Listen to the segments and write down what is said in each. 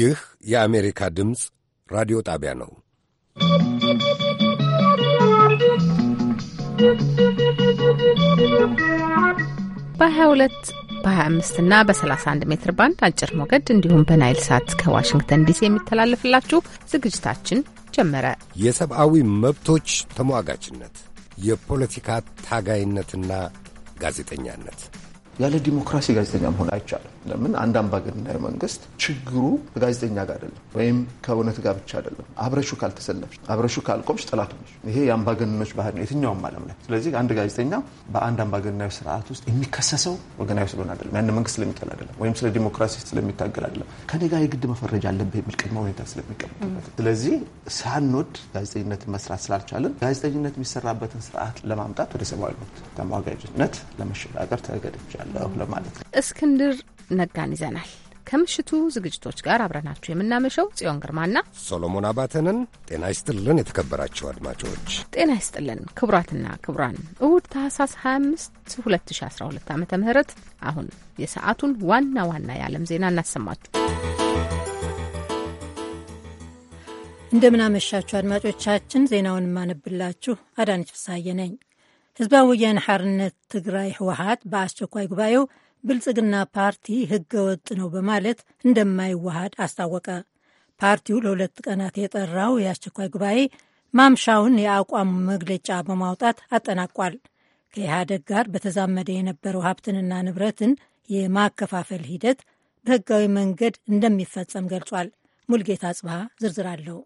ይህ የአሜሪካ ድምፅ ራዲዮ ጣቢያ ነው። በ22 በ25 እና በ31 ሜትር ባንድ አጭር ሞገድ እንዲሁም በናይል ሳት ከዋሽንግተን ዲሲ የሚተላለፍላችሁ ዝግጅታችን ጀመረ። የሰብአዊ መብቶች ተሟጋችነት፣ የፖለቲካ ታጋይነትና ጋዜጠኛነት ያለ ዲሞክራሲ ጋዜጠኛ መሆን አይቻልም። ለምን አንድ አምባገነናዊ መንግስት ችግሩ ከጋዜጠኛ ጋር አይደለም፣ ወይም ከእውነት ጋር ብቻ አይደለም። አብረሹ ካልተሰለፍሽ፣ አብረሹ ካልቆምሽ ጠላት ነሽ። ይሄ የአምባገነኖች ባህል ነው የትኛውም ዓለም ላይ። ስለዚህ አንድ ጋዜጠኛ በአንድ አምባገነናዊ ስርዓት ውስጥ የሚከሰሰው ወገናዊ ስለሆነ አይደለም፣ ያን መንግስት ስለሚጠላ አይደለም፣ ወይም ስለ ዲሞክራሲ ስለሚታገል አይደለም፣ ከኔ ጋር የግድ መፈረጅ አለብህ የሚል ቅድመ ሁኔታ ስለሚቀመጥበት። ስለዚህ ሳንወድ ጋዜጠኝነት መስራት ስላልቻለን ጋዜጠኝነት የሚሰራበትን ስርዓት ለማምጣት ወደ ሰብአዊ መብት ተሟጋጅነት ለመሸጋገር ተገድጃለሁ ለማለት ነው። እስክንድር ነጋን ይዘናል። ከምሽቱ ዝግጅቶች ጋር አብረናችሁ የምናመሸው ጽዮን ግርማና ሶሎሞን አባተንን። ጤና ይስጥልን የተከበራችሁ አድማጮች፣ ጤና ይስጥልን ክቡራትና ክቡራን። እሁድ ታህሳስ 25 2012 ዓ ም አሁን የሰዓቱን ዋና ዋና የዓለም ዜና እናሰማችሁ። እንደምናመሻችሁ አድማጮቻችን፣ ዜናውን የማነብላችሁ አዳነች ፍሳዬ ነኝ። ህዝባዊ ወያነ ሓርነት ትግራይ ህወሀት በአስቸኳይ ጉባኤው ብልጽግና ፓርቲ ሕገ ወጥ ነው በማለት እንደማይዋሃድ አስታወቀ። ፓርቲው ለሁለት ቀናት የጠራው የአስቸኳይ ጉባኤ ማምሻውን የአቋም መግለጫ በማውጣት አጠናቋል። ከኢህአደግ ጋር በተዛመደ የነበረው ሀብትንና ንብረትን የማከፋፈል ሂደት በህጋዊ መንገድ እንደሚፈጸም ገልጿል። ሙልጌታ ጽብሃ ዝርዝር አለው።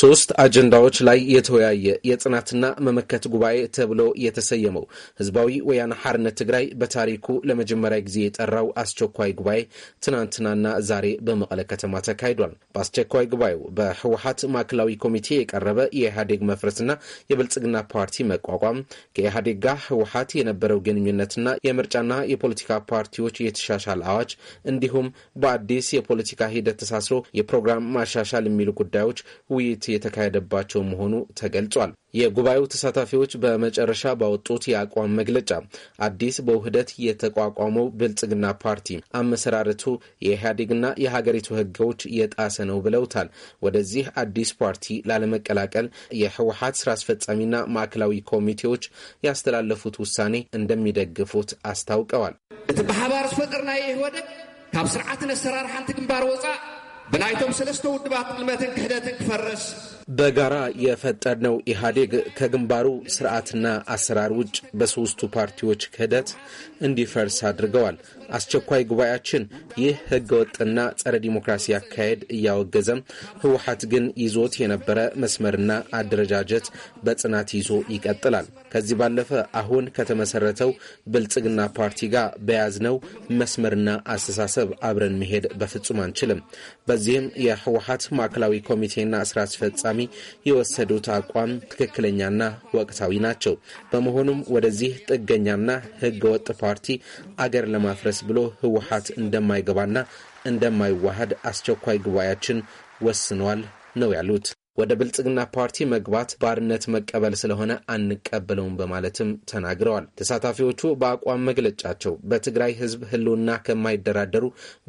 ሶስት አጀንዳዎች ላይ የተወያየ የጽናትና መመከት ጉባኤ ተብሎ የተሰየመው ህዝባዊ ወያነ ሐርነት ትግራይ በታሪኩ ለመጀመሪያ ጊዜ የጠራው አስቸኳይ ጉባኤ ትናንትናና ዛሬ በመቀለ ከተማ ተካሂዷል። በአስቸኳይ ጉባኤው በህወሀት ማዕከላዊ ኮሚቴ የቀረበ የኢህአዴግ መፍረስና የብልጽግና ፓርቲ መቋቋም፣ ከኢህአዴግ ጋር ህወሀት የነበረው ግንኙነትና የምርጫና የፖለቲካ ፓርቲዎች የተሻሻል አዋጅ እንዲሁም በአዲስ የፖለቲካ ሂደት ተሳስሮ የፕሮግራም ማሻሻል የሚሉ ጉዳዮች ውይይት ውይይት የተካሄደባቸው መሆኑ ተገልጿል። የጉባኤው ተሳታፊዎች በመጨረሻ ባወጡት የአቋም መግለጫ አዲስ በውህደት የተቋቋመው ብልጽግና ፓርቲ አመሰራረቱ የኢህአዴግና የሀገሪቱ ህገዎች የጣሰ ነው ብለውታል። ወደዚህ አዲስ ፓርቲ ላለመቀላቀል የህወሀት ስራ አስፈጻሚና ማዕከላዊ ኮሚቴዎች ያስተላለፉት ውሳኔ እንደሚደግፉት አስታውቀዋል። እቲ ብሓባር ዝፈጥርናዮ ይህወደግ ካብ ስርዓትን ሓንቲ ግንባር ወፃእ ብናይቶም ሰለስተ ውድባት ቅልመትን ክህደትን ክፈርስ በጋራ የፈጠርነው ኢህአዴግ ከግንባሩ ስርዓትና አሰራር ውጭ በሶስቱ ፓርቲዎች ክህደት እንዲፈርስ አድርገዋል። አስቸኳይ ጉባኤያችን ይህ ህገወጥና ጸረ ዲሞክራሲ አካሄድ እያወገዘም ህወሀት ግን ይዞት የነበረ መስመርና አደረጃጀት በጽናት ይዞ ይቀጥላል። ከዚህ ባለፈ አሁን ከተመሰረተው ብልጽግና ፓርቲ ጋር በያዝነው መስመርና አስተሳሰብ አብረን መሄድ በፍጹም አንችልም። በዚህም የህወሀት ማዕከላዊ ኮሚቴና ስራ አስፈጻሚ ተፈጻሚ የወሰዱት አቋም ትክክለኛና ወቅታዊ ናቸው። በመሆኑም ወደዚህ ጥገኛና ህገወጥ ፓርቲ አገር ለማፍረስ ብሎ ህወሀት እንደማይገባና እንደማይዋሃድ አስቸኳይ ጉባኤያችን ወስኗል ነው ያሉት። ወደ ብልጽግና ፓርቲ መግባት ባርነት መቀበል ስለሆነ አንቀበለውም በማለትም ተናግረዋል። ተሳታፊዎቹ በአቋም መግለጫቸው በትግራይ ሕዝብ ህልውና ከማይደራደሩ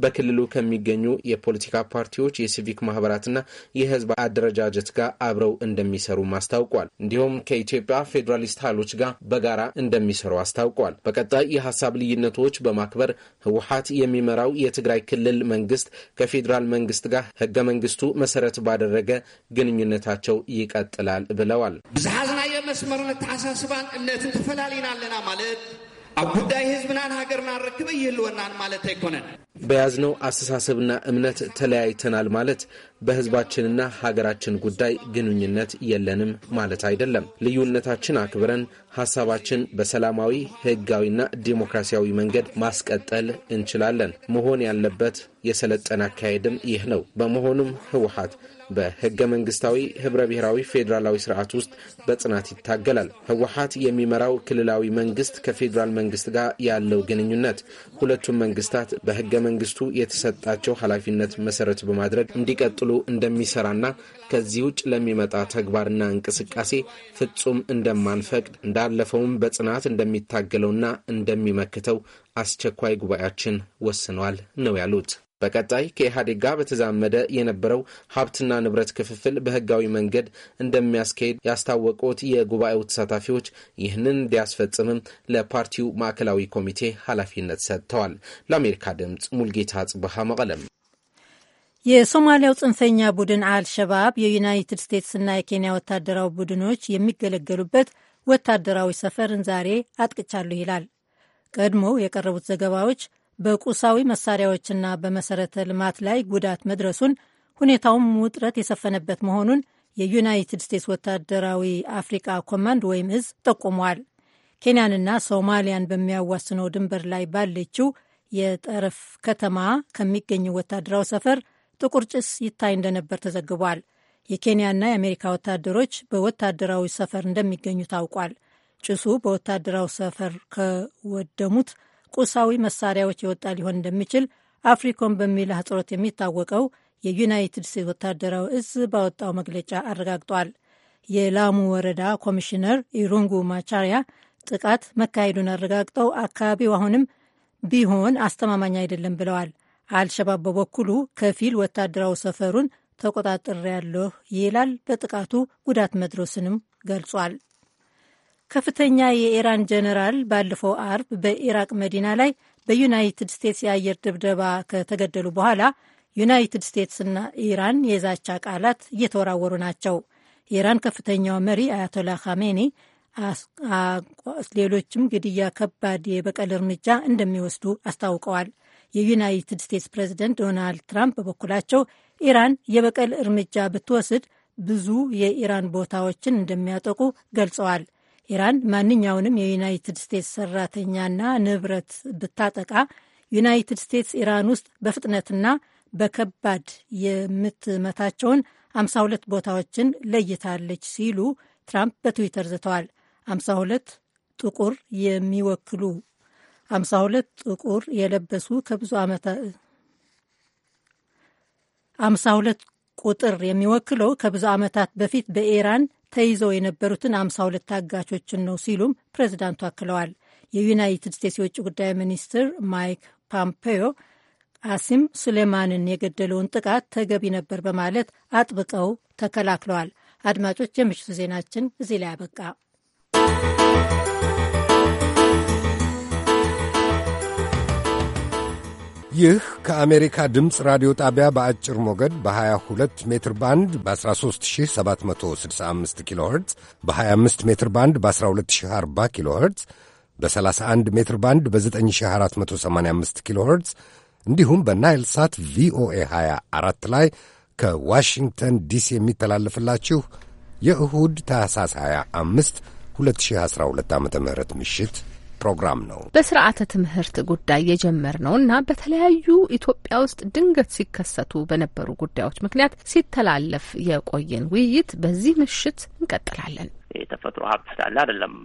በክልሉ ከሚገኙ የፖለቲካ ፓርቲዎች፣ የሲቪክ ማህበራትና የህዝብ አደረጃጀት ጋር አብረው እንደሚሰሩ አስታውቋል። እንዲሁም ከኢትዮጵያ ፌዴራሊስት ኃይሎች ጋር በጋራ እንደሚሰሩ አስታውቋል። በቀጣይ የሀሳብ ልዩነቶች በማክበር ህወሀት የሚመራው የትግራይ ክልል መንግስት ከፌዴራል መንግስት ጋር ህገ መንግስቱ መሰረት ባደረገ ግን ግንኙነታቸው ይቀጥላል ብለዋል። ብዝሓዝና መስመር ተሓሳስባን እምነትን ተፈላለዩና ኣለና ማለት ኣብ ጉዳይ ህዝብናን ሃገርና ንረክበ ይህልወናን ማለት ኣይኮነን በያዝነው አስተሳሰብና እምነት ተለያይተናል ማለት በህዝባችንና ሀገራችን ጉዳይ ግንኙነት የለንም ማለት አይደለም። ልዩነታችን አክብረን ሀሳባችን በሰላማዊ ህጋዊና ዲሞክራሲያዊ መንገድ ማስቀጠል እንችላለን። መሆን ያለበት የሰለጠነ አካሄድም ይህ ነው። በመሆኑም ህወሀት በህገ መንግስታዊ ህብረ ብሔራዊ ፌዴራላዊ ስርዓት ውስጥ በጽናት ይታገላል። ህወሀት የሚመራው ክልላዊ መንግስት ከፌዴራል መንግስት ጋር ያለው ግንኙነት ሁለቱም መንግስታት በህገ መንግስቱ የተሰጣቸው ኃላፊነት መሰረት በማድረግ እንዲቀጥሉ እንደሚሰራና ከዚህ ውጭ ለሚመጣ ተግባርና እንቅስቃሴ ፍጹም እንደማንፈቅድ እንዳለፈውም በጽናት እንደሚታገለውና እንደሚመክተው አስቸኳይ ጉባኤያችን ወስኗል ነው ያሉት። በቀጣይ ከኢህአዴግ ጋር በተዛመደ የነበረው ሀብትና ንብረት ክፍፍል በህጋዊ መንገድ እንደሚያስካሄድ ያስታወቁት የጉባኤው ተሳታፊዎች ይህንን እንዲያስፈጽምም ለፓርቲው ማዕከላዊ ኮሚቴ ኃላፊነት ሰጥተዋል። ለአሜሪካ ድምፅ ሙልጌታ ጽብሃ መቀለም። የሶማሊያው ጽንፈኛ ቡድን አልሸባብ የዩናይትድ ስቴትስና የኬንያ ወታደራዊ ቡድኖች የሚገለገሉበት ወታደራዊ ሰፈርን ዛሬ አጥቅቻለሁ ይላል። ቀድሞ የቀረቡት ዘገባዎች በቁሳዊ መሳሪያዎችና በመሰረተ ልማት ላይ ጉዳት መድረሱን ሁኔታውም ውጥረት የሰፈነበት መሆኑን የዩናይትድ ስቴትስ ወታደራዊ አፍሪቃ ኮማንድ ወይም እዝ ጠቁሟል። ኬንያንና ሶማሊያን በሚያዋስነው ድንበር ላይ ባለችው የጠረፍ ከተማ ከሚገኘው ወታደራዊ ሰፈር ጥቁር ጭስ ይታይ እንደነበር ተዘግቧል። የኬንያና የአሜሪካ ወታደሮች በወታደራዊ ሰፈር እንደሚገኙ ታውቋል። ጭሱ በወታደራዊ ሰፈር ከወደሙት ቁሳዊ መሳሪያዎች የወጣ ሊሆን እንደሚችል አፍሪኮም በሚል አህጽሮት የሚታወቀው የዩናይትድ ስቴትስ ወታደራዊ እዝ ባወጣው መግለጫ አረጋግጧል። የላሙ ወረዳ ኮሚሽነር ኢሩንጉ ማቻሪያ ጥቃት መካሄዱን አረጋግጠው አካባቢው አሁንም ቢሆን አስተማማኝ አይደለም ብለዋል። አልሸባብ በበኩሉ ከፊል ወታደራዊ ሰፈሩን ተቆጣጠር ያለሁ ይላል። በጥቃቱ ጉዳት መድረስንም ገልጿል። ከፍተኛ የኢራን ጀነራል ባለፈው አርብ በኢራቅ መዲና ላይ በዩናይትድ ስቴትስ የአየር ድብደባ ከተገደሉ በኋላ ዩናይትድ ስቴትስና ኢራን የዛቻ ቃላት እየተወራወሩ ናቸው። የኢራን ከፍተኛው መሪ አያቶላ ካሜኒ ሌሎችም ግድያ ከባድ የበቀል እርምጃ እንደሚወስዱ አስታውቀዋል። የዩናይትድ ስቴትስ ፕሬዚደንት ዶናልድ ትራምፕ በበኩላቸው ኢራን የበቀል እርምጃ ብትወስድ ብዙ የኢራን ቦታዎችን እንደሚያጠቁ ገልጸዋል። ኢራን ማንኛውንም የዩናይትድ ስቴትስ ሰራተኛና ንብረት ብታጠቃ ዩናይትድ ስቴትስ ኢራን ውስጥ በፍጥነትና በከባድ የምትመታቸውን 52 ቦታዎችን ለይታለች ሲሉ ትራምፕ በትዊተር ዝተዋል። 52 ጥቁር የሚወክሉ 52 ጥቁር የለበሱ ከብዙ ዓመታት 52 ቁጥር የሚወክለው ከብዙ ዓመታት በፊት በኢራን ተይዘው የነበሩትን አምሳ ሁለት አጋቾችን ነው ሲሉም ፕሬዚዳንቱ አክለዋል። የዩናይትድ ስቴትስ የውጭ ጉዳይ ሚኒስትር ማይክ ፖምፔዮ አሲም ሱሌማንን የገደለውን ጥቃት ተገቢ ነበር በማለት አጥብቀው ተከላክለዋል። አድማጮች፣ የምሽቱ ዜናችን እዚህ ላይ አበቃ። ይህ ከአሜሪካ ድምፅ ራዲዮ ጣቢያ በአጭር ሞገድ በ22 ሜትር ባንድ በ13765 ኪሎ ኸርትዝ በ25 ሜትር ባንድ በ1240 ኪሎ ኸርትዝ በ31 ሜትር ባንድ በ9485 ኪሎ ኸርትዝ እንዲሁም በናይል ሳት ቪኦኤ 24 ላይ ከዋሽንግተን ዲሲ የሚተላለፍላችሁ የእሁድ ታህሳስ 25 2012 ዓ ም ምሽት ፕሮግራም ነው። በስርዓተ ትምህርት ጉዳይ እና በተለያዩ ኢትዮጵያ ውስጥ ድንገት ሲከሰቱ በነበሩ ጉዳዮች ምክንያት ሲተላለፍ የቆየን ውይይት በዚህ ምሽት እንቀጥላለን። የተፈጥሮ ሀብት ስላለ አይደለም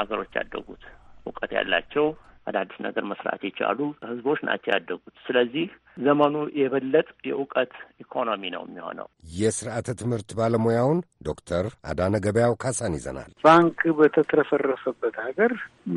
ሀገሮች ያደጉት እውቀት ያላቸው አዳዲስ ነገር መስራት የቻሉ ህዝቦች ናቸው ያደጉት። ስለዚህ ዘመኑ የበለጥ የእውቀት ኢኮኖሚ ነው የሚሆነው። የስርዓተ ትምህርት ባለሙያውን ዶክተር አዳነ ገበያው ካሳን ይዘናል። ባንክ በተትረፈረፈበት ሀገር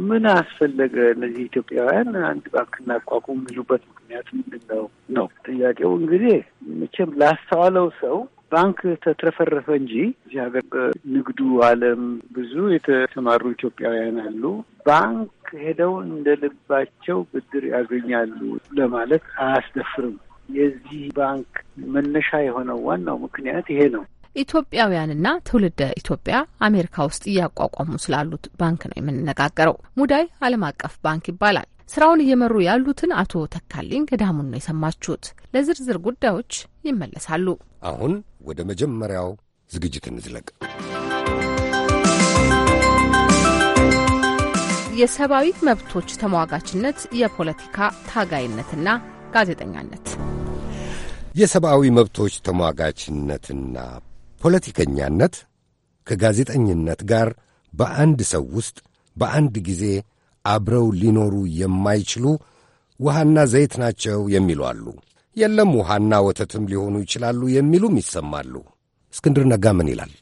ምን አስፈለገ? እነዚህ ኢትዮጵያውያን አንድ ባንክ እናቋቁም የሚሉበት ምክንያት ምንድን ነው ነው ጥያቄው። እንግዲህ መቼም ላስተዋለው ሰው ባንክ ተትረፈረፈ እንጂ እዚህ ሀገር በንግዱ ዓለም ብዙ የተሰማሩ ኢትዮጵያውያን አሉ። ባንክ ሄደው እንደ ልባቸው ብድር ያገኛሉ ለማለት አያስደፍርም። የዚህ ባንክ መነሻ የሆነው ዋናው ምክንያት ይሄ ነው። ኢትዮጵያውያንና ትውልደ ኢትዮጵያ አሜሪካ ውስጥ እያቋቋሙ ስላሉት ባንክ ነው የምንነጋገረው። ሙዳይ ዓለም አቀፍ ባንክ ይባላል። ስራውን እየመሩ ያሉትን አቶ ተካልኝ ገዳሙን ነው የሰማችሁት። ለዝርዝር ጉዳዮች ይመለሳሉ። አሁን ወደ መጀመሪያው ዝግጅት እንዝለቅ። የሰብአዊ መብቶች ተሟጋችነት፣ የፖለቲካ ታጋይነትና ጋዜጠኛነት። የሰብአዊ መብቶች ተሟጋችነትና ፖለቲከኛነት ከጋዜጠኝነት ጋር በአንድ ሰው ውስጥ በአንድ ጊዜ አብረው ሊኖሩ የማይችሉ ውሃና ዘይት ናቸው የሚሉ አሉ። የለም ውሃና ወተትም ሊሆኑ ይችላሉ የሚሉም ይሰማሉ። እስክንድር ነጋ ምን ይላል?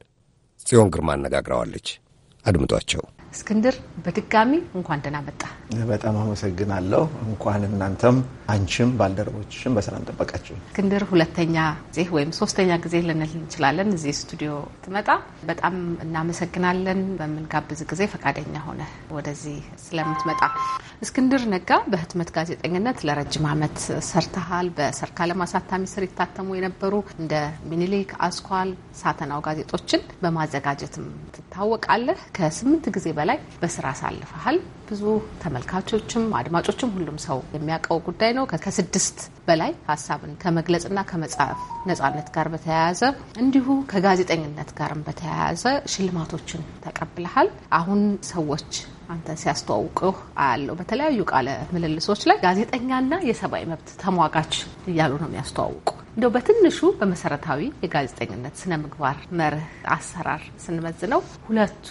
ጽዮን ግርማ አነጋግረዋለች። አድምጧቸው። እስክንድር በድጋሚ እንኳን ደህና መጣ። በጣም አመሰግናለሁ። እንኳን እናንተም አንቺም ባልደረቦችሽም በሰላም ጠበቃችሁ። እስክንድር ሁለተኛ ጊዜ ወይም ሶስተኛ ጊዜ ልንል እንችላለን እዚህ ስቱዲዮ ትመጣ። በጣም እናመሰግናለን በምንጋብዝ ጊዜ ፈቃደኛ ሆነ ወደዚህ ስለምትመጣ። እስክንድር ነጋ በህትመት ጋዜጠኝነት ለረጅም ዓመት ሰርተሃል። በሰርካ ለማሳታሚ ስር ይታተሙ የነበሩ እንደ ሚኒሊክ፣ አስኳል፣ ሳተናው ጋዜጦችን በማዘጋጀትም ትታወቃለህ። ከስምንት ጊዜ በላይ በስራ አሳልፈሃል። ብዙ ተመልካቾችም አድማጮችም ሁሉም ሰው የሚያውቀው ጉዳይ ነው። ከስድስት በላይ ሀሳብን ከመግለጽና ከመጻፍ ነጻነት ጋር በተያያዘ እንዲሁ ከጋዜጠኝነት ጋርም በተያያዘ ሽልማቶችን ተቀብለሃል። አሁን ሰዎች አንተ ሲያስተዋውቁህ አያለው በተለያዩ ቃለ ምልልሶች ላይ ጋዜጠኛና የሰብአዊ መብት ተሟጋች እያሉ ነው የሚያስተዋውቁ እንደው በትንሹ በመሰረታዊ የጋዜጠኝነት ስነ ምግባር መርህ አሰራር ስንመዝነው ሁለቱ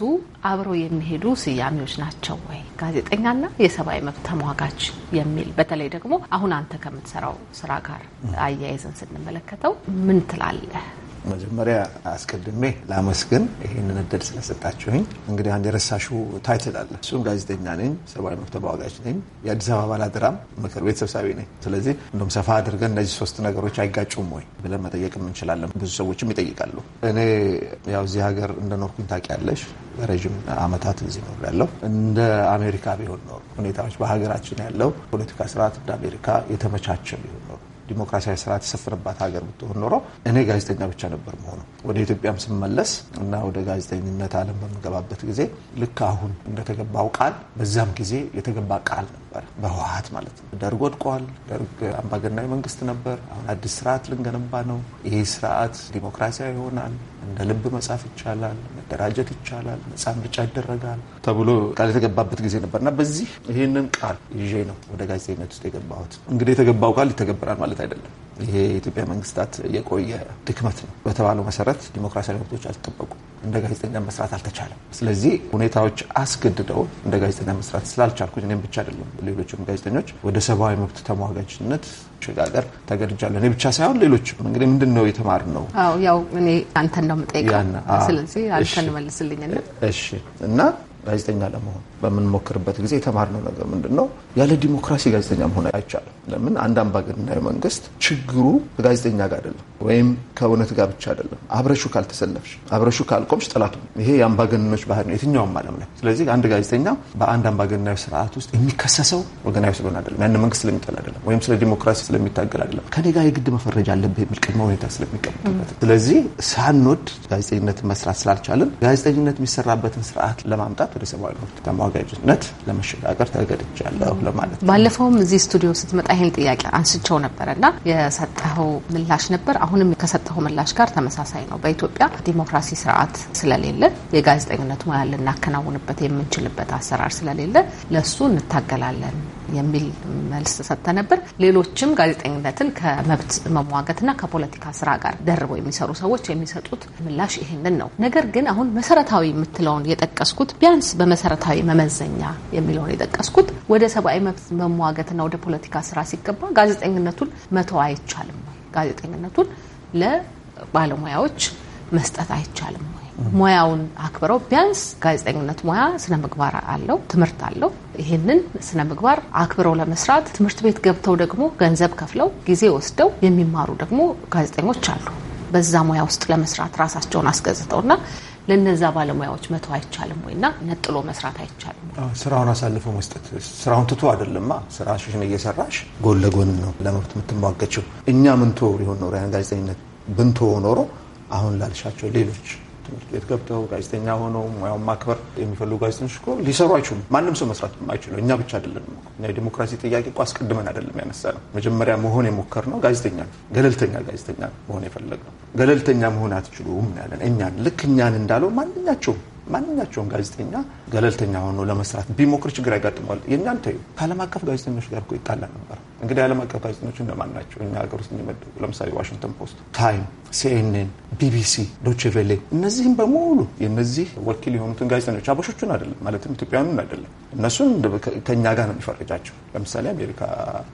አብረው የሚሄዱ ስያሜዎች ናቸው ወይ? ጋዜጠኛና የሰብአዊ መብት ተሟጋች የሚል በተለይ ደግሞ አሁን አንተ ከምትሰራው ስራ ጋር አያይዘን ስንመለከተው ምን ትላለህ? መጀመሪያ አስቀድሜ ላመስግን ይህንን እድል ስለሰጣችሁኝ። እንግዲህ አንድ የረሳሹ ታይትል አለ። እሱም ጋዜጠኛ ነኝ፣ ሰብአዊ መብት ተሟጋች ነኝ፣ የአዲስ አበባ ባላደራም ምክር ቤት ሰብሳቢ ነኝ። ስለዚህ እንደውም ሰፋ አድርገን እነዚህ ሶስት ነገሮች አይጋጩም ወይ ብለን መጠየቅ እንችላለን። ብዙ ሰዎችም ይጠይቃሉ። እኔ ያው እዚህ ሀገር እንደኖርኩኝ ታውቂያለሽ። ረዥም አመታት እዚህ ኖር ያለው እንደ አሜሪካ ቢሆን ኖር ሁኔታዎች በሀገራችን ያለው ፖለቲካ ስርዓት እንደ አሜሪካ የተመቻቸ ቢሆን ኖር ዲሞክራሲያዊ ስርዓት የሰፈነባት ሀገር ብትሆን ኖሮ እኔ ጋዜጠኛ ብቻ ነበር መሆኑ ወደ ኢትዮጵያም ስመለስ እና ወደ ጋዜጠኝነት አለም በምገባበት ጊዜ ልክ አሁን እንደተገባው ቃል በዛም ጊዜ የተገባ ቃል ነበር፣ በህወሀት ማለት ነው። ደርግ ወድቋል። ደርግ አምባገናዊ መንግስት ነበር። አሁን አዲስ ስርዓት ልንገነባ ነው። ይህ ስርዓት ዲሞክራሲያዊ ይሆናል እንደ ልብ መጻፍ ይቻላል፣ መደራጀት ይቻላል፣ ነፃ ምርጫ ይደረጋል ተብሎ ቃል የተገባበት ጊዜ ነበር እና በዚህ ይህንን ቃል ይዤ ነው ወደ ጋዜጠኝነት ውስጥ የገባሁት። እንግዲህ የተገባው ቃል ይተገበራል ማለት አይደለም። ይሄ የኢትዮጵያ መንግስታት የቆየ ድክመት ነው። በተባለው መሰረት ዲሞክራሲያዊ መብቶች አልተጠበቁም፣ እንደ ጋዜጠኛ መስራት አልተቻለም። ስለዚህ ሁኔታዎች አስገድደው እንደ ጋዜጠኛ መስራት ስላልቻልኩኝ እኔም ብቻ አይደለም ሌሎችም ጋዜጠኞች ወደ ሰብአዊ መብት ተሟጋጅነት መሸጋገር ተገድጃለሁ። እኔ ብቻ ሳይሆን ሌሎችም እንግዲህ ምንድን ነው የተማርነው? ያው እኔ አንተን ነው የምጠይቀው። ስለዚህ አንተን መልስልኝ እና ጋዜጠኛ ለመሆን በምንሞክርበት ጊዜ የተማርነው ነገር ምንድን ነው? ያለ ዲሞክራሲ ጋዜጠኛ መሆን አይቻልም። ለምን? አንድ አምባገነናዊ መንግስት ችግሩ ከጋዜጠኛ ጋር አይደለም፣ ወይም ከእውነት ጋር ብቻ አይደለም። አብረሹ ካልተሰለፍሽ፣ አብረሹ ካልቆምሽ ጠላቱ። ይሄ የአምባገነኖች ባህሪ ነው የትኛውም ዓለም ላይ። ስለዚህ አንድ ጋዜጠኛ በአንድ አምባገነናዊ ስርዓት ውስጥ የሚከሰሰው ወገናዊ ስለሆነ አይደለም፣ ያን መንግስት ስለሚጠላ አይደለም፣ ወይም ስለ ዲሞክራሲ ስለሚታገል አይደለም፣ ከኔ ጋር የግድ መፈረጃ አለብህ የሚል ቅድመ ሁኔታ ስለሚቀመጥበት። ስለዚህ ሳንወድ ጋዜጠኝነት መስራት ስላልቻልን ጋዜጠኝነት የሚሰራበትን ስርዓት ለማምጣት ወደ ሰብአዊ መብት አዘጋጅነት ለመሸጋገር ተገድጃለሁ ለማለት ባለፈውም እዚህ ስቱዲዮ ስትመጣ ይህን ጥያቄ አንስቸው ነበረና የሰጠኸው ምላሽ ነበር። አሁንም ከሰጠኸው ምላሽ ጋር ተመሳሳይ ነው። በኢትዮጵያ ዲሞክራሲ ስርዓት ስለሌለ የጋዜጠኝነት ሙያ ልናከናውንበት የምንችልበት አሰራር ስለሌለ ለሱ እንታገላለን የሚል መልስ ሰጥተ ነበር። ሌሎችም ጋዜጠኝነትን ከመብት መሟገትና ከፖለቲካ ስራ ጋር ደርበው የሚሰሩ ሰዎች የሚሰጡት ምላሽ ይሄንን ነው። ነገር ግን አሁን መሰረታዊ የምትለውን የጠቀስኩት ቢያንስ በመሰረታዊ መመ መመዘኛ የሚለውን የጠቀስኩት ወደ ሰብአዊ መብት መሟገትና ወደ ፖለቲካ ስራ ሲገባ ጋዜጠኝነቱን መተው አይቻልም ወይ? ጋዜጠኝነቱን ለባለሙያዎች መስጠት አይቻልም ወይ? ሙያውን አክብረው ቢያንስ ጋዜጠኝነት ሙያ ስነ ምግባር አለው፣ ትምህርት አለው። ይህንን ስነ ምግባር አክብረው ለመስራት ትምህርት ቤት ገብተው ደግሞ ገንዘብ ከፍለው ጊዜ ወስደው የሚማሩ ደግሞ ጋዜጠኞች አሉ። በዛ ሙያ ውስጥ ለመስራት ራሳቸውን አስገዝተውና ለነዛ ባለሙያዎች መተው አይቻልም ወይ እና ነጥሎ መስራት አይቻልም? ስራውን አሳልፎ መስጠት ስራውን ትቶ አይደለማ። ስራሽን እየሰራሽ ጎን ለጎን ነው ለመብት የምትሟገችው። እኛ ምንቶ ሊሆን ኖሮ ያን ጋዜጠኝነት ብንቶ ኖሮ አሁን ላልሻቸው ሌሎች ቤት ገብተው ጋዜጠኛ ሆነው ሙያውን ማክበር የሚፈልጉ ጋዜጠኞች እኮ ሊሰሩ አይችሉም። ማንም ሰው መስራት አይችሉ። እኛ ብቻ አይደለም። እኛ የዲሞክራሲ ጥያቄ እኮ አስቀድመን አይደለም ያነሳ ነው። መጀመሪያ መሆን የሞከርነው ጋዜጠኛ ነው። ገለልተኛ ጋዜጠኛ መሆን የፈለግ ነው። ገለልተኛ መሆን አትችሉም ያለን እኛን ልክ እኛን እንዳለው ማንኛቸውም ማንኛቸውም ጋዜጠኛ ገለልተኛ ሆኖ ለመስራት ቢሞክር ችግር ያጋጥመዋል። የእኛን ተዩ ከዓለም አቀፍ ጋዜጠኞች ጋር እኮ ይጣላ ነበር። እንግዲህ ዓለም አቀፍ ጋዜጠኞች እነማን ናቸው? እኛ ሀገር ውስጥ የሚመደቡ ለምሳሌ ዋሽንግተን ፖስት፣ ታይም፣ ሲኤንኤን፣ ቢቢሲ፣ ዶችቬሌ እነዚህም በሙሉ የነዚህ ወኪል የሆኑትን ጋዜጠኞች አበሾቹን አይደለም ማለትም ኢትዮጵያውያኑን አይደለም እነሱን ከእኛ ጋር ነው የሚፈረጃቸው። ለምሳሌ አሜሪካ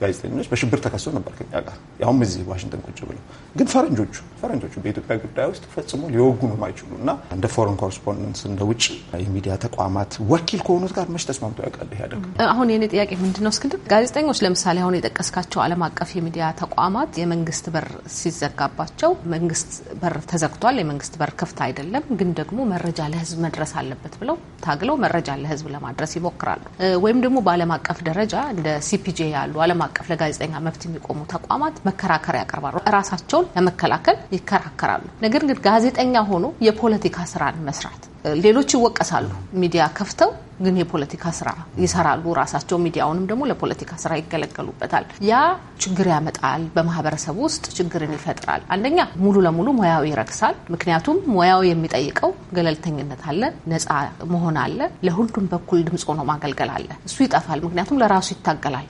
ጋዜጠኞች በሽብር ተከሰው ነበር ከኛ ጋር ያውም እዚህ ዋሽንግተን ቁጭ ብለው። ግን ፈረንጆቹ ፈረንጆቹ በኢትዮጵያ ጉዳይ ውስጥ ፈጽሞ ሊወጉን የማይችሉ እና እንደ ፎረን ኮረስፖንደንስ እንደ ውጭ የሚዲያ ተቋማት ወኪል ከሆኑት ጋር መች ተስማምቶ ያውቃል? ያደግ አሁን የኔ ጥያቄ ምንድነው እስክንድር ጋዜጠኞች ለምሳሌ አሁን የጠቀስካቸው ዓለም አቀፍ የሚዲያ ተቋማት የመንግስት በር ሲዘጋባቸው መንግስት በር ተዘግቷል፣ የመንግስት በር ክፍት አይደለም፣ ግን ደግሞ መረጃ ለህዝብ መድረስ አለበት ብለው ታግለው መረጃ ለህዝብ ለማድረስ ይሞክራሉ። ወይም ደግሞ በዓለም አቀፍ ደረጃ እንደ ሲፒጄ ያሉ ዓለም አቀፍ ለጋዜጠኛ መብት የሚቆሙ ተቋማት መከራከር ያቀርባሉ። ራሳቸውን ለመከላከል ይከራከራሉ። ነገር ግን ጋዜጠኛ ሆኖ የፖለቲካ ስራን መስራት ሌሎች ይወቀሳሉ። ሚዲያ ከፍተው ግን የፖለቲካ ስራ ይሰራሉ። ራሳቸው ሚዲያውንም ደግሞ ለፖለቲካ ስራ ይገለገሉበታል። ያ ችግር ያመጣል፣ በማህበረሰብ ውስጥ ችግርን ይፈጥራል። አንደኛ ሙሉ ለሙሉ ሙያው ይረክሳል። ምክንያቱም ሙያው የሚጠይቀው ገለልተኝነት አለ፣ ነፃ መሆን አለ፣ ለሁሉም በኩል ድምፅ ሆኖ ማገልገል አለ። እሱ ይጠፋል፣ ምክንያቱም ለራሱ ይታገላል።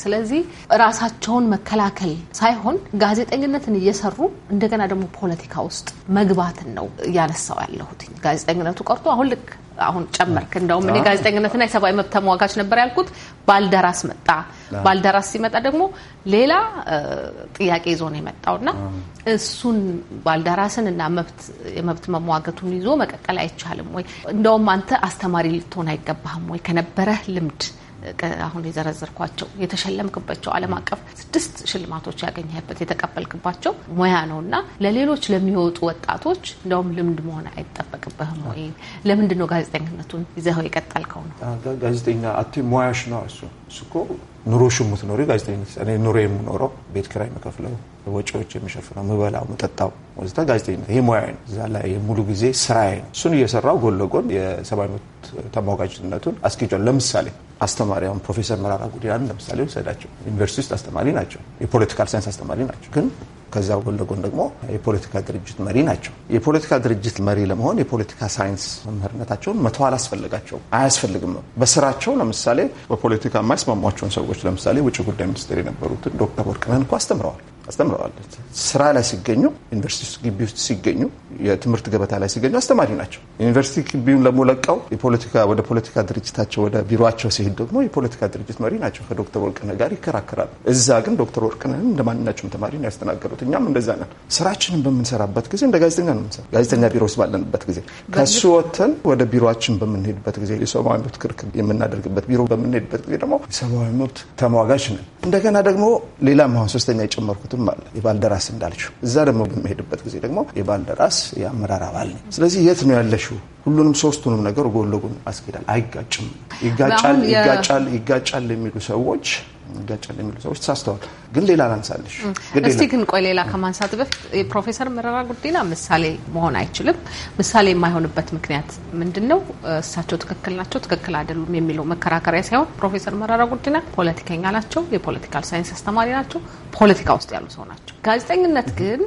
ስለዚህ ራሳቸውን መከላከል ሳይሆን ጋዜጠኝነትን እየሰሩ እንደገና ደግሞ ፖለቲካ ውስጥ መግባትን ነው እያነሳው ያለሁት። ጋዜጠኝነቱ ቀርቶ አሁን ልክ አሁን ጨመርክ። እንደውም እኔ ጋዜጠኝነትና የሰብአዊ መብት ተሟጋች ነበር ያልኩት። ባልደራስ መጣ። ባልደራስ ሲመጣ ደግሞ ሌላ ጥያቄ ይዞ ነው የመጣውና እሱን ባልደራስን እና መብት የመብት መሟገቱን ይዞ መቀጠል አይቻልም ወይ? እንደውም አንተ አስተማሪ ልትሆን አይገባህም ወይ ከነበረህ ልምድ አሁን የዘረዘርኳቸው የተሸለምክባቸው ዓለም አቀፍ ስድስት ሽልማቶች ያገኘህበት የተቀበልክባቸው ሙያ ነው እና ለሌሎች ለሚወጡ ወጣቶች እንደውም ልምድ መሆን አይጠበቅብህም ወይ? ለምንድን ነው ጋዜጠኝነቱን ይዘኸው የቀጠልከው? ነው ጋዜጠኛ አቶ ሙያሽ ነው እሱ እሱ ኑሮ ሽሙት የምትኖሪ ጋዜጠኝነት። እኔ ኑሮ የምኖረው ቤት ኪራይ መከፍለው፣ ወጪዎች የሚሸፍነው፣ ምበላው፣ መጠጣው ወዘተ ጋዜጠኝነት ይሄ ሙያ ነው። እዛ ላይ የሙሉ ጊዜ ስራዬ ነው። እሱን እየሰራው ጎን ለጎን የሰብአዊ መብት ተሟጋጅነቱን አስጊጇል። ለምሳሌ አስተማሪ ፕሮፌሰር መራራ ጉዲናን ለምሳሌ ውሰዳቸው። ዩኒቨርሲቲ ውስጥ አስተማሪ ናቸው። የፖለቲካል ሳይንስ አስተማሪ ናቸው። ግን ከዛ ጎን ለጎን ደግሞ የፖለቲካ ድርጅት መሪ ናቸው። የፖለቲካ ድርጅት መሪ ለመሆን የፖለቲካ ሳይንስ መምህርነታቸውን መተው አላስፈለጋቸውም፣ አያስፈልግም ነው። በስራቸው ለምሳሌ በፖለቲካ የማይስማሟቸውን ሰዎች ለምሳሌ ውጭ ጉዳይ ሚኒስትር የነበሩትን ዶክተር ወርቅነህን እኮ አስተምረዋል። አስተምረዋለች። ስራ ላይ ሲገኙ ዩኒቨርሲቲ ግቢ ውስጥ ሲገኙ፣ የትምህርት ገበታ ላይ ሲገኙ አስተማሪ ናቸው። ዩኒቨርሲቲ ግቢውን ለሞለቀው የፖለቲካ ወደ ፖለቲካ ድርጅታቸው ወደ ቢሮቸው ሲሄድ ደግሞ የፖለቲካ ድርጅት መሪ ናቸው። ከዶክተር ወርቅነህ ጋር ይከራከራሉ። እዛ ግን ዶክተር ወርቅነህን እንደ ማንኛቸውም ተማሪ ነው ያስተናገዱት። እኛም እንደዛ ነን። ስራችንን በምንሰራበት ጊዜ እንደ ጋዜጠኛ ነው ምንሰራ። ጋዜጠኛ ቢሮ ውስጥ ባለንበት ጊዜ ከሱ ወጥተን ወደ ቢሮችን በምንሄድበት ጊዜ የሰብአዊ መብት ክርክር የምናደርግበት ቢሮ በምንሄድበት ጊዜ ደግሞ የሰብአዊ መብት ተሟጋች ነን። እንደገና ደግሞ ሌላ አሁን ሶስተኛ የጨመርኩት የሚያደርጉትም አለ። የባልደራስ እንዳልችው እዛ ደግሞ በሚሄድበት ጊዜ ደግሞ የባልደራስ የአመራር አባል ነኝ። ስለዚህ የት ነው ያለሽው? ሁሉንም ሶስቱንም ነገር ጎን ለጎን አስኬዳል። አይጋጭም። ይጋጫል ይጋጫል ይጋጫል የሚሉ ሰዎች ይጋጫል የሚሉ ሰዎች ተሳስተዋል። ግን ሌላ ላንሳለሽ። እስቲ ግን ቆይ ሌላ ከማንሳት በፊት የፕሮፌሰር መረራ ጉዲና ምሳሌ መሆን አይችልም። ምሳሌ የማይሆንበት ምክንያት ምንድን ነው? እሳቸው ትክክል ናቸው፣ ትክክል አይደሉም የሚለው መከራከሪያ ሳይሆን ፕሮፌሰር መረራ ጉዲና ፖለቲከኛ ናቸው፣ የፖለቲካል ሳይንስ አስተማሪ ናቸው፣ ፖለቲካ ውስጥ ያሉ ሰው ናቸው። ጋዜጠኝነት ግን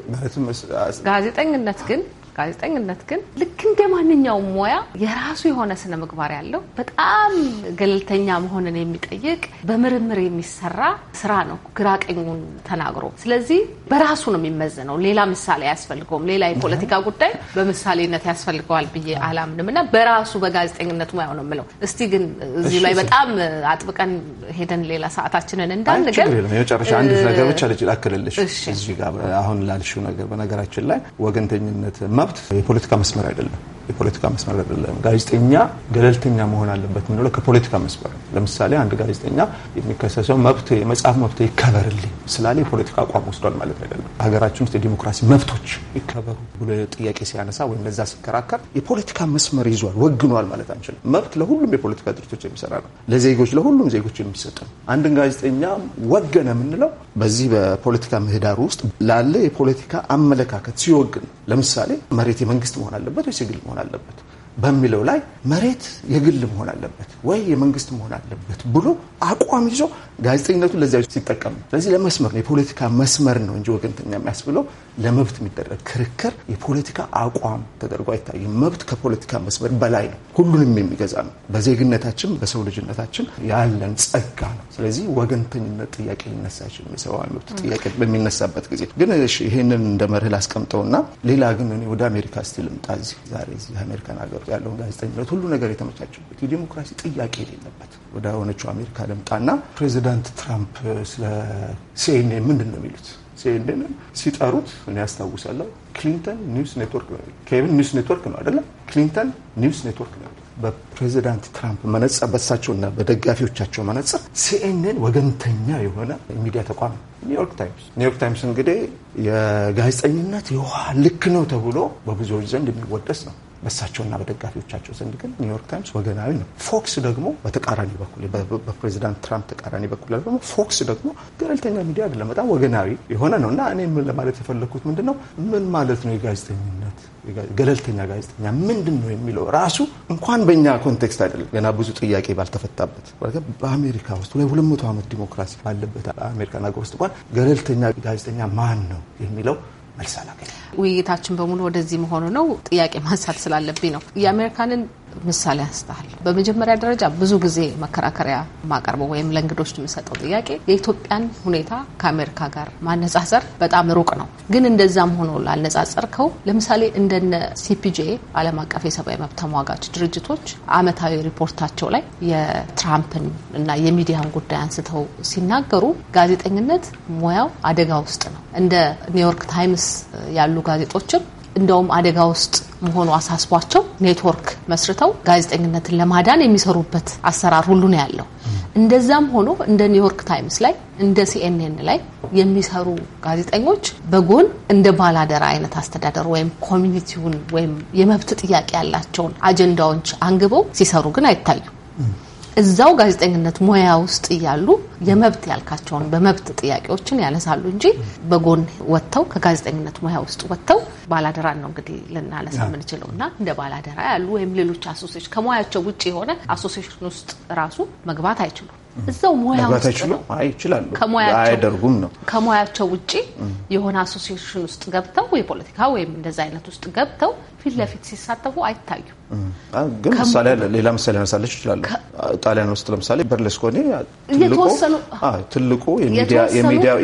ጋዜጠኝነት ግን ጋዜጠኝነት ግን ልክ እንደ ማንኛውም ሙያ የራሱ የሆነ ስነ ምግባር ያለው በጣም ገለልተኛ መሆንን የሚጠይቅ በምርምር የሚሰራ ስራ ነው፣ ግራ ቀኙን ተናግሮ። ስለዚህ በራሱ ነው የሚመዝነው። ሌላ ምሳሌ አያስፈልገውም። ሌላ የፖለቲካ ጉዳይ በምሳሌነት ያስፈልገዋል ብዬ አላምንም እና በራሱ በጋዜጠኝነት ሙያው ነው የምለው። እስቲ ግን እዚሁ ላይ በጣም አጥብቀን ሄደን ሌላ ሰዓታችንን እንዳንገል የመጨረሻ አንድ ነገር ብቻ ልጅ ላክልልሽ እዚህ ጋር አሁን ላልሽው ነገር በነገራችን ላይ ወገንተኝነት መ ሀብት የፖለቲካ መስመር አይደለም። የፖለቲካ መስመር አይደለም። ጋዜጠኛ ገለልተኛ መሆን አለበት የምንለው ከፖለቲካ መስመር ነው። ለምሳሌ አንድ ጋዜጠኛ የሚከሰሰው መብት የመጽሐፍ መብት ይከበርልኝ ስላለ የፖለቲካ አቋም ወስዷል ማለት አይደለም። ሀገራችን ውስጥ የዲሞክራሲ መብቶች ይከበሩ ብሎ ጥያቄ ሲያነሳ ወይም ለዛ ሲከራከር የፖለቲካ መስመር ይዟል ወግኗል ማለት አንችልም። መብት ለሁሉም የፖለቲካ ድርጅቶች የሚሰራ ነው። ለዜጎች ለሁሉም ዜጎች የሚሰጥ ነው። አንድን ጋዜጠኛ ወገነ የምንለው በዚህ በፖለቲካ ምህዳር ውስጥ ላለ የፖለቲካ አመለካከት ሲወግን፣ ለምሳሌ መሬት የመንግስት መሆን አለበት ወይስ የግል መሆን መሆን አለበት በሚለው ላይ መሬት የግል መሆን አለበት ወይ የመንግስት መሆን አለበት ብሎ አቋም ይዞ ጋዜጠኝነቱን ለዚያ ሲጠቀም ነው። ስለዚህ ለመስመር ነው የፖለቲካ መስመር ነው እንጂ ወገንተኛ የሚያስብለው ለመብት የሚደረግ ክርክር የፖለቲካ አቋም ተደርጎ አይታይም። መብት ከፖለቲካ መስመር በላይ ነው፣ ሁሉንም የሚገዛ ነው። በዜግነታችን በሰው ልጅነታችን ያለን ጸጋ ነው። ስለዚህ ወገንተኝነት ጥያቄ ሊነሳ አይችልም። የሰብአዊ መብት ጥያቄ በሚነሳበት ጊዜ ግን ይህንን እንደ መርህ ላስቀምጠውና ሌላ ግን እኔ ወደ አሜሪካ ስቲ ልምጣ። እዚህ ዛሬ እዚህ አሜሪካን ሀገር ያለውን ጋዜጠኝነት ሁሉ ነገር የተመቻችበት የዲሞክራሲ ጥያቄ የሌለበት ወደ ሆነችው አሜሪካ ልምጣና ፕሬዚዳንት ትራምፕ ስለ ሲኤንኤን ምንድን ነው የሚሉት? ሲኤንኤን ሲጠሩት እኔ ያስታውሳለሁ ክሊንተን ኒውስ ኔትወርክ ነው። ኬቪን ኒውስ ኔትወርክ ነው አይደለም፣ ክሊንተን ኒውስ ኔትወርክ ነው በፕሬዚዳንት ትራምፕ መነጽር፣ በሳቸውና በደጋፊዎቻቸው መነጽር ሲኤንኤን ወገንተኛ የሆነ ሚዲያ ተቋም ኒውዮርክ ታይምስ ኒውዮርክ ታይምስ እንግዲህ የጋዜጠኝነት የውሃ ልክ ነው ተብሎ በብዙዎች ዘንድ የሚወደስ ነው። በሳቸውና በደጋፊዎቻቸው ዘንድ ግን ኒውዮርክ ታይምስ ወገናዊ ነው። ፎክስ ደግሞ በተቃራኒ በኩል በፕሬዚዳንት ትራምፕ ተቃራኒ በኩል ደግሞ ፎክስ ደግሞ ገለልተኛ ሚዲያ አይደለም፣ በጣም ወገናዊ የሆነ ነው እና እኔ ምን ለማለት የፈለግኩት ምንድን ነው ምን ማለት ነው የጋዜጠኝነት ገለልተኛ ጋዜጠኛ ምንድን ነው የሚለው ራሱ እንኳን በእኛ ኮንቴክስት አይደለም ገና ብዙ ጥያቄ ባልተፈታበት በአሜሪካ ውስጥ ላይ ሁለት መቶ ዓመት ዲሞክራሲ ባለበት አሜሪካን ሀገር ውስጥ እንኳን ገለልተኛ ጋዜጠኛ ማን ነው የሚለው መልስ አላገኘም። ውይይታችን በሙሉ ወደዚህ መሆኑ ነው። ጥያቄ ማንሳት ስላለብኝ ነው የአሜሪካንን ምሳሌ አንስተሃል። በመጀመሪያ ደረጃ ብዙ ጊዜ መከራከሪያ ማቀርበው ወይም ለእንግዶች የሚሰጠው ጥያቄ የኢትዮጵያን ሁኔታ ከአሜሪካ ጋር ማነጻጸር በጣም ሩቅ ነው። ግን እንደዛም ሆኖ ላነጻጸርከው ለምሳሌ እንደነ ሲፒጄ ዓለም አቀፍ የሰብአዊ መብት ተሟጋች ድርጅቶች አመታዊ ሪፖርታቸው ላይ የትራምፕን እና የሚዲያን ጉዳይ አንስተው ሲናገሩ ጋዜጠኝነት ሙያው አደጋ ውስጥ ነው። እንደ ኒውዮርክ ታይምስ ያሉ ጋዜጦችም እንደውም አደጋ ውስጥ መሆኑ አሳስቧቸው ኔትወርክ መስርተው ጋዜጠኝነትን ለማዳን የሚሰሩበት አሰራር ሁሉ ነው ያለው። እንደዛም ሆኖ እንደ ኒውዮርክ ታይምስ ላይ እንደ ሲኤንኤን ላይ የሚሰሩ ጋዜጠኞች በጎን እንደ ባላደራ አይነት አስተዳደር ወይም ኮሚኒቲውን ወይም የመብት ጥያቄ ያላቸውን አጀንዳዎች አንግበው ሲሰሩ ግን አይታዩ። እዛው ጋዜጠኝነት ሙያ ውስጥ እያሉ የመብት ያልካቸውን በመብት ጥያቄዎችን ያነሳሉ እንጂ በጎን ወጥተው ከጋዜጠኝነት ሙያ ውስጥ ወጥተው ባላደራን ነው እንግዲህ ልናነሳ የምንችለው እና እንደ ባላደራ ያሉ ወይም ሌሎች አሶሴሽን ከሙያቸው ውጭ የሆነ አሶሴሽን ውስጥ ራሱ መግባት አይችሉም። እዛው ሙያ ውስጥ ነው ከሙያቸው ውጭ የሆነ አሶሲሽን ውስጥ ገብተው የፖለቲካ ወይም እንደዚ አይነት ውስጥ ገብተው ፊት ለፊት ሲሳተፉ አይታዩም። ግን ምሳሌ አለ። ሌላ ምሳሌ አነሳለች እችላለሁ። ጣሊያን ውስጥ ለምሳሌ በርለስኮኒ ትልቁ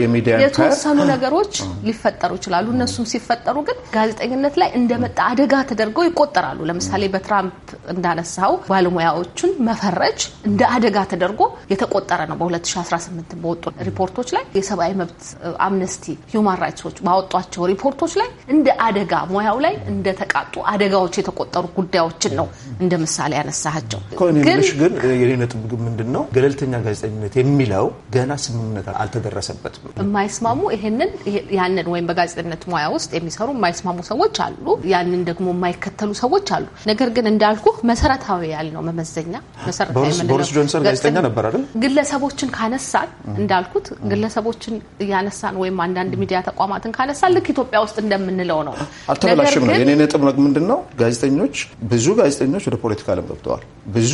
የሚዲያ የተወሰኑ ነገሮች ሊፈጠሩ ይችላሉ። እነሱም ሲፈጠሩ ግን ጋዜጠኝነት ላይ እንደመጣ አደጋ ተደርገው ይቆጠራሉ። ለምሳሌ በትራምፕ እንዳነሳው ባለሙያዎቹን መፈረጅ እንደ አደጋ ተደርጎ የተቆጠረ ነው። በ2018 በወጡ ሪፖርቶች ላይ የሰብአዊ መብት አምነስቲ፣ ሂውማን ራይትስ ዎች ባወጧቸው ሪፖርቶች ላይ እንደ አደጋ ሙያው ላይ እንደተቃ ከበርካቱ አደጋዎች የተቆጠሩ ጉዳዮችን ነው እንደ ምሳሌ ያነሳቸው። ግን ግን የኔ ነጥብ ግን ምንድን ነው ገለልተኛ ጋዜጠኝነት የሚለው ገና ስምምነት አልተደረሰበትም። የማይስማሙ ይህንን ያንን ወይም በጋዜጠኝነት ሙያ ውስጥ የሚሰሩ የማይስማሙ ሰዎች አሉ፣ ያንን ደግሞ የማይከተሉ ሰዎች አሉ። ነገር ግን እንዳልኩ መሰረታዊ ያልነው መመዘኛ ቦሪስ ጆንሰን ጋዜጠኛ ነበር አይደል? ግለሰቦችን ካነሳን እንዳልኩት ግለሰቦችን እያነሳን ወይም አንዳንድ ሚዲያ ተቋማትን ካነሳን ልክ ኢትዮጵያ ውስጥ እንደምንለው ነው። አልተበላሽም ነው የኔ ነጥብ ምንድን ነው ጋዜጠኞች ብዙ ጋዜጠኞች ወደ ፖለቲካ ዓለም ገብተዋል። ብዙ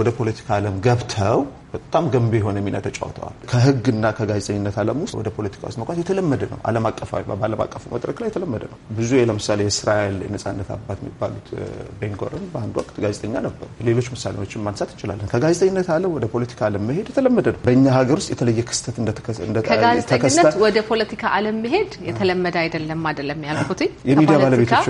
ወደ ፖለቲካ ዓለም ገብተው በጣም ገንቢ የሆነ ሚና ተጫውተዋል። ከህግና ከጋዜጠኝነት ዓለም ውስጥ ወደ ፖለቲካ ውስጥ መውጣት የተለመደ ነው። ዓለም አቀፋዊ በዓለም አቀፉ መድረክ ላይ የተለመደ ነው። ብዙ ለምሳሌ የእስራኤል የነጻነት አባት የሚባሉት ቤንጎርን በአንድ ወቅት ጋዜጠኛ ነበሩ። ሌሎች ምሳሌዎችን ማንሳት እንችላለን። ከጋዜጠኝነት ዓለም ወደ ፖለቲካ ዓለም መሄድ የተለመደ ነው። በእኛ ሀገር ውስጥ የተለየ ክስተት ከጋዜጠኝነት ወደ ፖለቲካ ዓለም መሄድ የተለመደ አይደለም። አይደለም ያልኩት የሚዲያ ባለቤቶች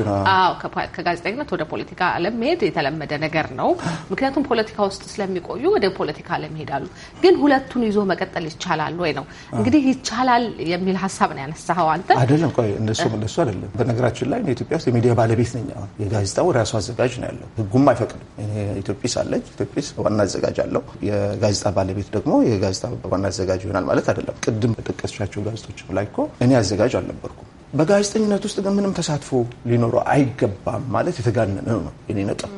ከጋዜጠኝነት ወደ ፖለቲካ ዓለም መሄድ የተለመደ ነገር ነው። ምክንያቱም ፖለቲካ ውስጥ ስለሚቆዩ ወደ ፖለቲካ ዓለም ይፈልጋሉ። ግን ሁለቱን ይዞ መቀጠል ይቻላል ወይ ነው እንግዲህ ይቻላል የሚል ሀሳብ ነው ያነሳኸው አንተ አይደለም። ቆይ እነሱ እነሱ አይደለም። በነገራችን ላይ ኢትዮጵያ ውስጥ የሚዲያ ባለቤት ነኝ። አሁን የጋዜጣው ራሱ አዘጋጅ ነው ያለው። ህጉም አይፈቅድም። ኢትዮጵስ አለች። ኢትዮጵስ ዋና አዘጋጅ አለው። የጋዜጣ ባለቤት ደግሞ የጋዜጣ ዋና አዘጋጅ ይሆናል ማለት አይደለም። ቅድም በጠቀስቻቸው ጋዜጦች ላይ እኮ እኔ አዘጋጅ አልነበርኩም። በጋዜጠኝነት ውስጥ ግን ምንም ተሳትፎ ሊኖረው አይገባም ማለት የተጋነነ ነው የኔ ነጥብ።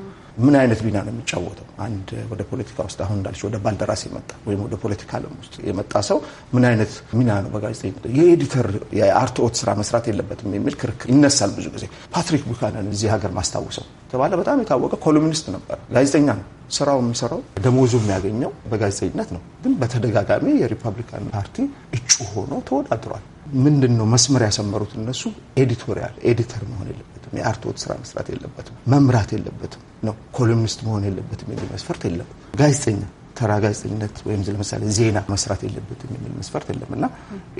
ምን አይነት ሚና ነው የሚጫወተው? አንድ ወደ ፖለቲካ ውስጥ አሁን እንዳልሽ ወደ ባልደራስ የመጣ ወይም ወደ ፖለቲካ ዓለም ውስጥ የመጣ ሰው ምን አይነት ሚና ነው በጋዜጠኝነት የኤዲተር የአርትኦት ስራ መስራት የለበትም የሚል ክርክር ይነሳል ብዙ ጊዜ። ፓትሪክ ቡካነን እዚህ ሀገር ማስታውሰው ተባለ በጣም የታወቀ ኮሎሚኒስት ነበር፣ ጋዜጠኛ ነው። ስራው የሚሰራው ደሞዙ የሚያገኘው በጋዜጠኝነት ነው። ግን በተደጋጋሚ የሪፐብሊካን ፓርቲ እጩ ሆኖ ተወዳድሯል። ምንድን ነው መስመር ያሰመሩት እነሱ ኤዲቶሪያል ኤዲተር መሆን የለበትም፣ የአርትኦት ስራ መስራት የለበትም፣ መምራት የለበትም ነው። ኮሎምኒስት መሆን የለበትም የሚል መስፈርት የለም። ጋዜጠኛ ተራ ጋዜጠኝነት ወይም ለምሳሌ ዜና መስራት የለበትም የሚል መስፈርት የለም እና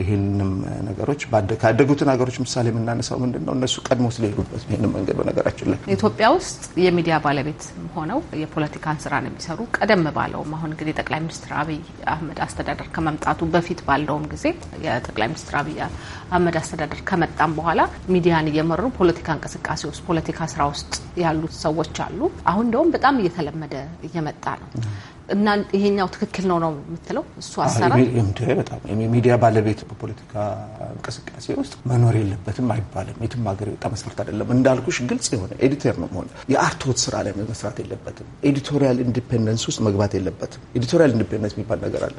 ይህንም ነገሮች ካደጉትን ሀገሮች ምሳሌ የምናነሳው ምንድን ነው እነሱ ቀድሞ ስለሄዱበት ይህን መንገድ በነገራችን ላይ ኢትዮጵያ ውስጥ የሚዲያ ባለቤት ሆነው የፖለቲካን ስራ ነው የሚሰሩ ቀደም ባለውም አሁን እንግዲህ ጠቅላይ ሚኒስትር አብይ አህመድ አስተዳደር ከመምጣቱ በፊት ባለውም ጊዜ የጠቅላይ ሚኒስትር አብይ አህመድ አስተዳደር ከመጣም በኋላ ሚዲያን እየመሩ ፖለቲካ እንቅስቃሴ ውስጥ ፖለቲካ ስራ ውስጥ ያሉት ሰዎች አሉ። አሁን እንደውም በጣም እየተለመደ እየመጣ ነው። እና ይሄኛው ትክክል ነው ነው የምትለው? እሱ አሰራር በጣም የሚዲያ ባለቤት በፖለቲካ እንቅስቃሴ ውስጥ መኖር የለበትም አይባልም። የትም ሀገር የወጣ አይደለም። እንዳልኩሽ ግልጽ የሆነ ኤዲተር ነው መሆን። የአርትዖት ስራ ላይ መስራት የለበትም። ኤዲቶሪያል ኢንዲፔንደንስ ውስጥ መግባት የለበትም። ኤዲቶሪያል ኢንዲፔንደንስ የሚባል ነገር አለ።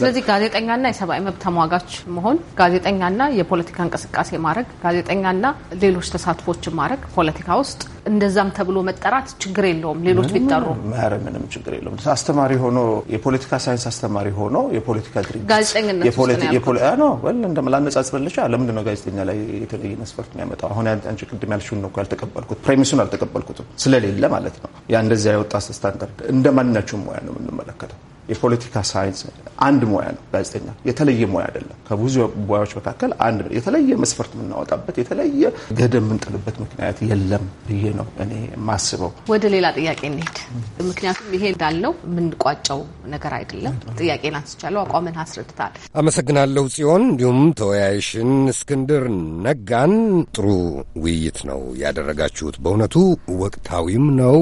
ስለዚህ ጋዜጠኛና የሰብአዊ መብት ተሟጋች መሆን፣ ጋዜጠኛና የፖለቲካ እንቅስቃሴ ማድረግ፣ ጋዜጠኛና ሌሎች ተሳትፎችን ማድረግ ፖለቲካ ውስጥ እንደዛም ተብሎ መጠራት ችግር የለውም። ሌሎች ቢጠሩ ኧረ ምንም ችግር የለውም። አስተማሪ ሆኖ የፖለቲካ ሳይንስ አስተማሪ ሆኖ የፖለቲካ ድርጅት ጋዜጠኝነት ላነጻጽርልሻ ለምንድን ነው ጋዜጠኛ ላይ የተለየ መስፈርት የሚያመጣው? አሁን አንቺ ቅድም ያልሽውን ነው ያልተቀበልኩት፣ ፕሬሚሱን አልተቀበልኩትም ስለሌለ ማለት ነው ያ እንደዚያ የወጣ ስታንዳርድ እንደ ማናቸውም ሙያ ነው የምንመለከተው። የፖለቲካ ሳይንስ አንድ ሙያ ነው። ጋዜጠኛ የተለየ ሙያ አይደለም። ከብዙ ሙያዎች መካከል አንድ የተለየ መስፈርት የምናወጣበት የተለየ ገደብ የምንጥልበት ምክንያት የለም ብዬ ነው እኔ ማስበው ወደ ሌላ ጥያቄ እንሄድ። ምክንያቱም ይሄ እንዳለው የምንቋጨው ነገር አይደለም። ጥያቄን አንስቻለሁ፣ አቋምን አስረድታል። አመሰግናለሁ ጽዮን፣ እንዲሁም ተወያይሽን እስክንድር ነጋን። ጥሩ ውይይት ነው ያደረጋችሁት። በእውነቱ ወቅታዊም ነው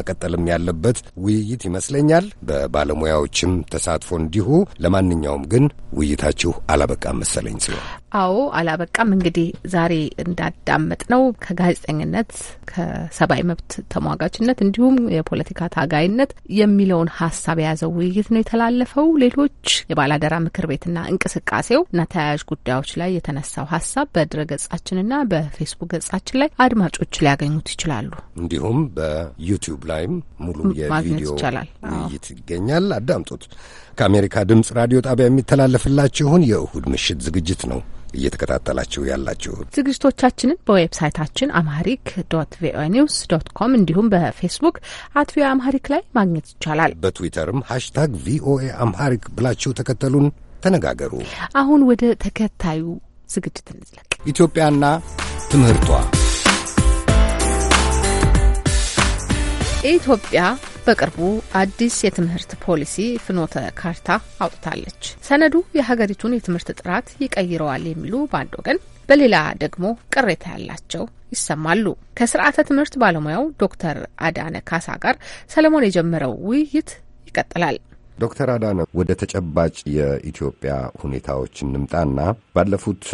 መቀጠልም ያለበት ውይይት ይመስለኛል በባለሙያው ተወካዮችም ተሳትፎ እንዲሁ። ለማንኛውም ግን ውይይታችሁ አላበቃም መሰለኝ ስለ አዎ አላበቃም። እንግዲህ ዛሬ እንዳዳመጥ ነው ከጋዜጠኝነት ከሰብአዊ መብት ተሟጋችነት እንዲሁም የፖለቲካ ታጋይነት የሚለውን ሀሳብ የያዘው ውይይት ነው የተላለፈው። ሌሎች የባላደራ ምክር ቤትና እንቅስቃሴው እና ተያያዥ ጉዳዮች ላይ የተነሳው ሀሳብ በድረገጻችንና በፌስቡክ ገጻችን ላይ አድማጮች ሊያገኙት ይችላሉ። እንዲሁም በዩቲዩብ ላይም ሙሉ የቪዲዮ ውይይት ይገኛል። አዳምጡት። ከአሜሪካ ድምፅ ራዲዮ ጣቢያ የሚተላለፍላችሁን የእሁድ ምሽት ዝግጅት ነው እየተከታተላችሁ ያላችሁ። ዝግጅቶቻችንን በዌብሳይታችን አማሪክ ዶት ቪኦኤ ኒውስ ዶት ኮም እንዲሁም በፌስቡክ አት ቪኦኤ አምሃሪክ ላይ ማግኘት ይቻላል። በትዊተርም ሃሽታግ ቪኦኤ አምሃሪክ ብላችሁ ተከተሉን፣ ተነጋገሩ። አሁን ወደ ተከታዩ ዝግጅት እንዝለቅ። ኢትዮጵያና ትምህርቷ ኢትዮጵያ በቅርቡ አዲስ የትምህርት ፖሊሲ ፍኖተ ካርታ አውጥታለች። ሰነዱ የሀገሪቱን የትምህርት ጥራት ይቀይረዋል የሚሉ በአንድ ወገን፣ በሌላ ደግሞ ቅሬታ ያላቸው ይሰማሉ። ከስርዓተ ትምህርት ባለሙያው ዶክተር አዳነ ካሳ ጋር ሰለሞን የጀመረው ውይይት ይቀጥላል። ዶክተር አዳነ ወደ ተጨባጭ የኢትዮጵያ ሁኔታዎች እንምጣና ባለፉት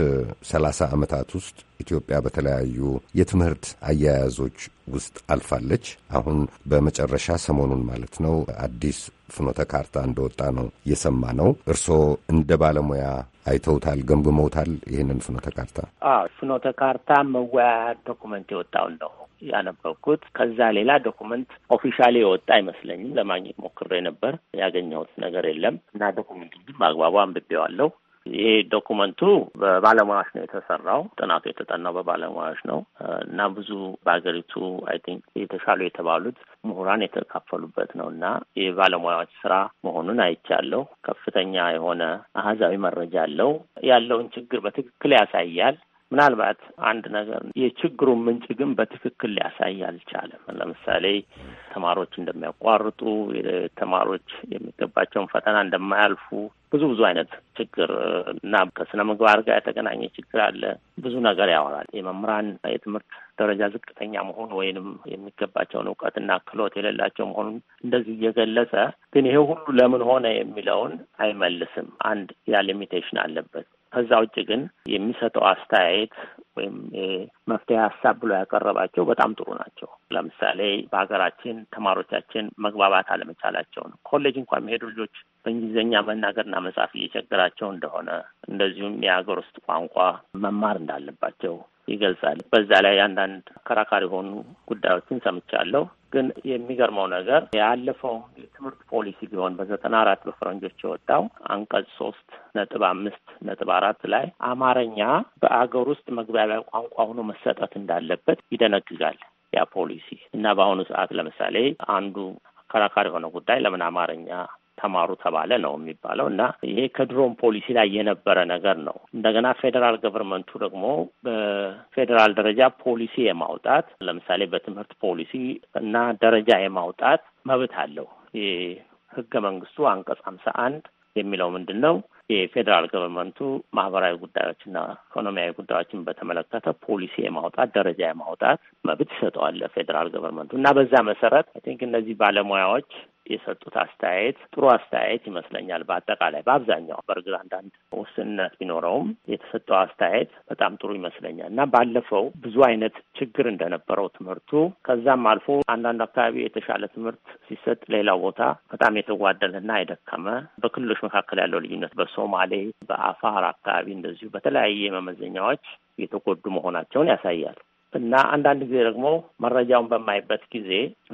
ሰላሳ ዓመታት ውስጥ ኢትዮጵያ በተለያዩ የትምህርት አያያዞች ውስጥ አልፋለች። አሁን በመጨረሻ ሰሞኑን ማለት ነው አዲስ ፍኖተ ካርታ እንደወጣ ነው የሰማ ነው። እርስዎ እንደ ባለሙያ አይተውታል፣ ገምግመውታል ይህንን ፍኖተ ካርታ? አዎ ፍኖተ ካርታ መወያያ ዶኩመንት የወጣውን ነው ያነበብኩት። ከዛ ሌላ ዶኩመንት ኦፊሻሊ የወጣ አይመስለኝም። ለማግኘት ሞክሬ ነበር፣ ያገኘሁት ነገር የለም እና ዶኩመንቱ ግን በአግባቡ አንብቤዋለሁ። ይሄ ዶኩመንቱ በባለሙያዎች ነው የተሰራው። ጥናቱ የተጠናው በባለሙያዎች ነው እና ብዙ በሀገሪቱ አይ ቲንክ የተሻሉ የተባሉት ምሁራን የተካፈሉበት ነው እና የባለሙያዎች ስራ መሆኑን አይቻለሁ። ከፍተኛ የሆነ አህዛዊ መረጃ አለው። ያለውን ችግር በትክክል ያሳያል። ምናልባት አንድ ነገር የችግሩን ምንጭ ግን በትክክል ሊያሳይ አልቻለም። ለምሳሌ ተማሪዎች እንደሚያቋርጡ፣ ተማሪዎች የሚገባቸውን ፈተና እንደማያልፉ ብዙ ብዙ አይነት ችግር እና ከስነ ምግባር ጋር የተገናኘ ችግር አለ። ብዙ ነገር ያወራል። የመምህራን የትምህርት ደረጃ ዝቅተኛ መሆን ወይንም የሚገባቸውን እውቀትና ክህሎት የሌላቸው መሆኑን እንደዚህ እየገለጸ ግን ይሄ ሁሉ ለምን ሆነ የሚለውን አይመልስም። አንድ ያ ሊሚቴሽን አለበት። ከዛ ውጭ ግን የሚሰጠው አስተያየት ወይም መፍትሄ ሀሳብ ብሎ ያቀረባቸው በጣም ጥሩ ናቸው። ለምሳሌ በሀገራችን ተማሪዎቻችን መግባባት አለመቻላቸውን ኮሌጅ እንኳን የሚሄዱ ልጆች በእንግሊዝኛ መናገርና መጻፍ እየቸገራቸው እንደሆነ እንደዚሁም የሀገር ውስጥ ቋንቋ መማር እንዳለባቸው ይገልጻል። በዛ ላይ አንዳንድ ከራካሪ የሆኑ ጉዳዮችን ሰምቻለሁ። ግን የሚገርመው ነገር ያለፈው የትምህርት ፖሊሲ ቢሆን በዘጠና አራት በፈረንጆች የወጣው አንቀጽ ሶስት ነጥብ አምስት ነጥብ አራት ላይ አማርኛ በአገር ውስጥ መግባቢያ ቋንቋ ሆኖ መሰጠት እንዳለበት ይደነግጋል ያ ፖሊሲ እና በአሁኑ ሰዓት ለምሳሌ አንዱ አከራካሪ የሆነ ጉዳይ ለምን አማርኛ ተማሩ ተባለ ነው የሚባለው እና ይሄ ከድሮም ፖሊሲ ላይ የነበረ ነገር ነው። እንደገና ፌዴራል ገቨርንመንቱ ደግሞ በፌዴራል ደረጃ ፖሊሲ የማውጣት ለምሳሌ በትምህርት ፖሊሲ እና ደረጃ የማውጣት መብት አለው። የህገ መንግስቱ አንቀጽ ሀምሳ አንድ የሚለው ምንድን ነው? የፌዴራል ገቨርንመንቱ ማህበራዊ ጉዳዮችና ኢኮኖሚያዊ ጉዳዮችን በተመለከተ ፖሊሲ የማውጣት ደረጃ የማውጣት መብት ይሰጠዋል ለፌዴራል ገቨርንመንቱ እና በዛ መሰረት አይ ቲንክ እነዚህ ባለሙያዎች የሰጡት አስተያየት ጥሩ አስተያየት ይመስለኛል። በአጠቃላይ በአብዛኛው በእርግጥ አንዳንድ ውስንነት ቢኖረውም የተሰጠው አስተያየት በጣም ጥሩ ይመስለኛል እና ባለፈው ብዙ አይነት ችግር እንደነበረው ትምህርቱ ከዛም አልፎ አንዳንድ አካባቢ የተሻለ ትምህርት ሲሰጥ፣ ሌላው ቦታ በጣም የተጓደለና የደከመ በክልሎች መካከል ያለው ልዩነት በሶማሌ በአፋር አካባቢ እንደዚሁ በተለያየ መመዘኛዎች የተጎዱ መሆናቸውን ያሳያል። እና አንዳንድ ጊዜ ደግሞ መረጃውን በማይበት ጊዜ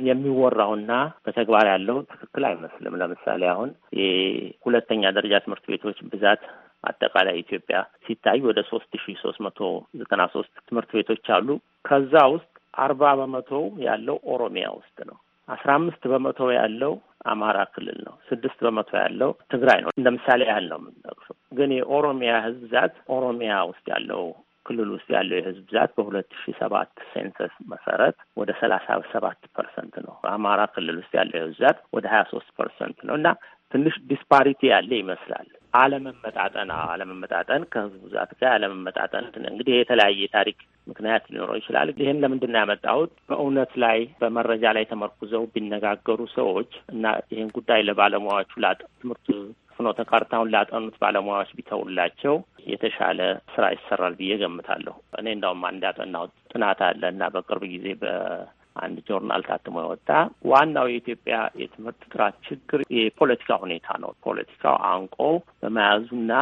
የሚወራውና በተግባር ያለው ትክክል አይመስልም። ለምሳሌ አሁን የሁለተኛ ደረጃ ትምህርት ቤቶች ብዛት አጠቃላይ ኢትዮጵያ ሲታይ ወደ ሶስት ሺ ሶስት መቶ ዘጠና ሶስት ትምህርት ቤቶች አሉ። ከዛ ውስጥ አርባ በመቶ ያለው ኦሮሚያ ውስጥ ነው። አስራ አምስት በመቶ ያለው አማራ ክልል ነው። ስድስት በመቶ ያለው ትግራይ ነው። እንደ ምሳሌ ያህል ነው የምንጠቅሰው። ግን የኦሮሚያ ህዝብ ብዛት ኦሮሚያ ውስጥ ያለው ክልል ውስጥ ያለው የህዝብ ብዛት በሁለት ሺ ሰባት ሴንሰስ መሰረት ወደ ሰላሳ ሰባት ፐርሰንት ነው። በአማራ ክልል ውስጥ ያለው የህዝብ ብዛት ወደ ሀያ ሶስት ፐርሰንት ነው እና ትንሽ ዲስፓሪቲ ያለ ይመስላል። አለመመጣጠን አለመመጣጠን ከህዝቡ ብዛት ጋር አለመመጣጠን እንግዲህ የተለያየ ታሪክ ምክንያት ሊኖረው ይችላል። ይህን ለምንድን ነው ያመጣሁት? በእውነት ላይ በመረጃ ላይ ተመርኩዘው ቢነጋገሩ ሰዎች እና ይህን ጉዳይ ለባለሙያዎቹ ላጥ ትምህርት ፍኖተ ካርታውን ላጠኑት ባለሙያዎች ቢተውላቸው የተሻለ ስራ ይሰራል ብዬ ገምታለሁ። እኔ እንዳውም አንዳጠናው ጥናት አለ እና በቅርብ ጊዜ አንድ ጆርናል ታትሞ የወጣ ዋናው የኢትዮጵያ የትምህርት ጥራት ችግር የፖለቲካ ሁኔታ ነው። ፖለቲካው አንቆ በመያዙና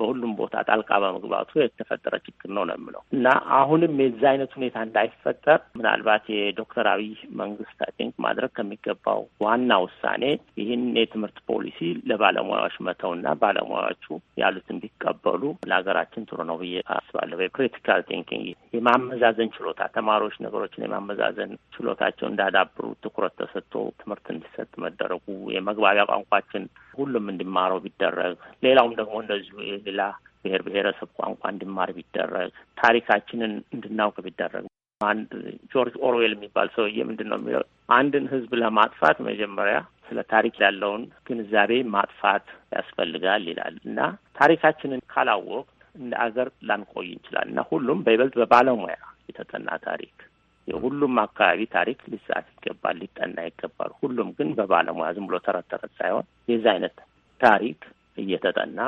በሁሉም ቦታ ጣልቃ በመግባቱ የተፈጠረ ችግር ነው ነው የምለው እና አሁንም የዚ አይነት ሁኔታ እንዳይፈጠር ምናልባት የዶክተር አብይ መንግስት አይ ቲንክ ማድረግ ከሚገባው ዋና ውሳኔ ይህን የትምህርት ፖሊሲ ለባለሙያዎች መተውና ባለሙያዎቹ ያሉት እንዲቀበሉ ለሀገራችን ጥሩ ነው ብዬ አስባለሁ። ክሪቲካል ቲንኪንግ የማመዛዘን ችሎታ ተማሪዎች ነገሮችን የማመዛዘን ችሎታቸው እንዳዳብሩ ትኩረት ተሰጥቶ ትምህርት እንዲሰጥ መደረጉ፣ የመግባቢያ ቋንቋችን ሁሉም እንዲማረው ቢደረግ፣ ሌላውም ደግሞ እንደዚሁ የሌላ ብሔር ብሔረሰብ ቋንቋ እንዲማር ቢደረግ፣ ታሪካችንን እንድናውቅ ቢደረግ አንድ ጆርጅ ኦርዌል የሚባል ሰውዬ ምንድን ነው የሚለው አንድን ህዝብ ለማጥፋት መጀመሪያ ስለ ታሪክ ያለውን ግንዛቤ ማጥፋት ያስፈልጋል ይላል እና ታሪካችንን ካላወቅ እንደ አገር ላንቆይ እንችላል እና ሁሉም በይበልጥ በባለሙያ የተጠና ታሪክ የሁሉም አካባቢ ታሪክ ሊጻፍ ይገባል፣ ሊጠና ይገባል። ሁሉም ግን በባለሙያ ዝም ብሎ ተረተረ ሳይሆን የዛ አይነት ታሪክ እየተጠና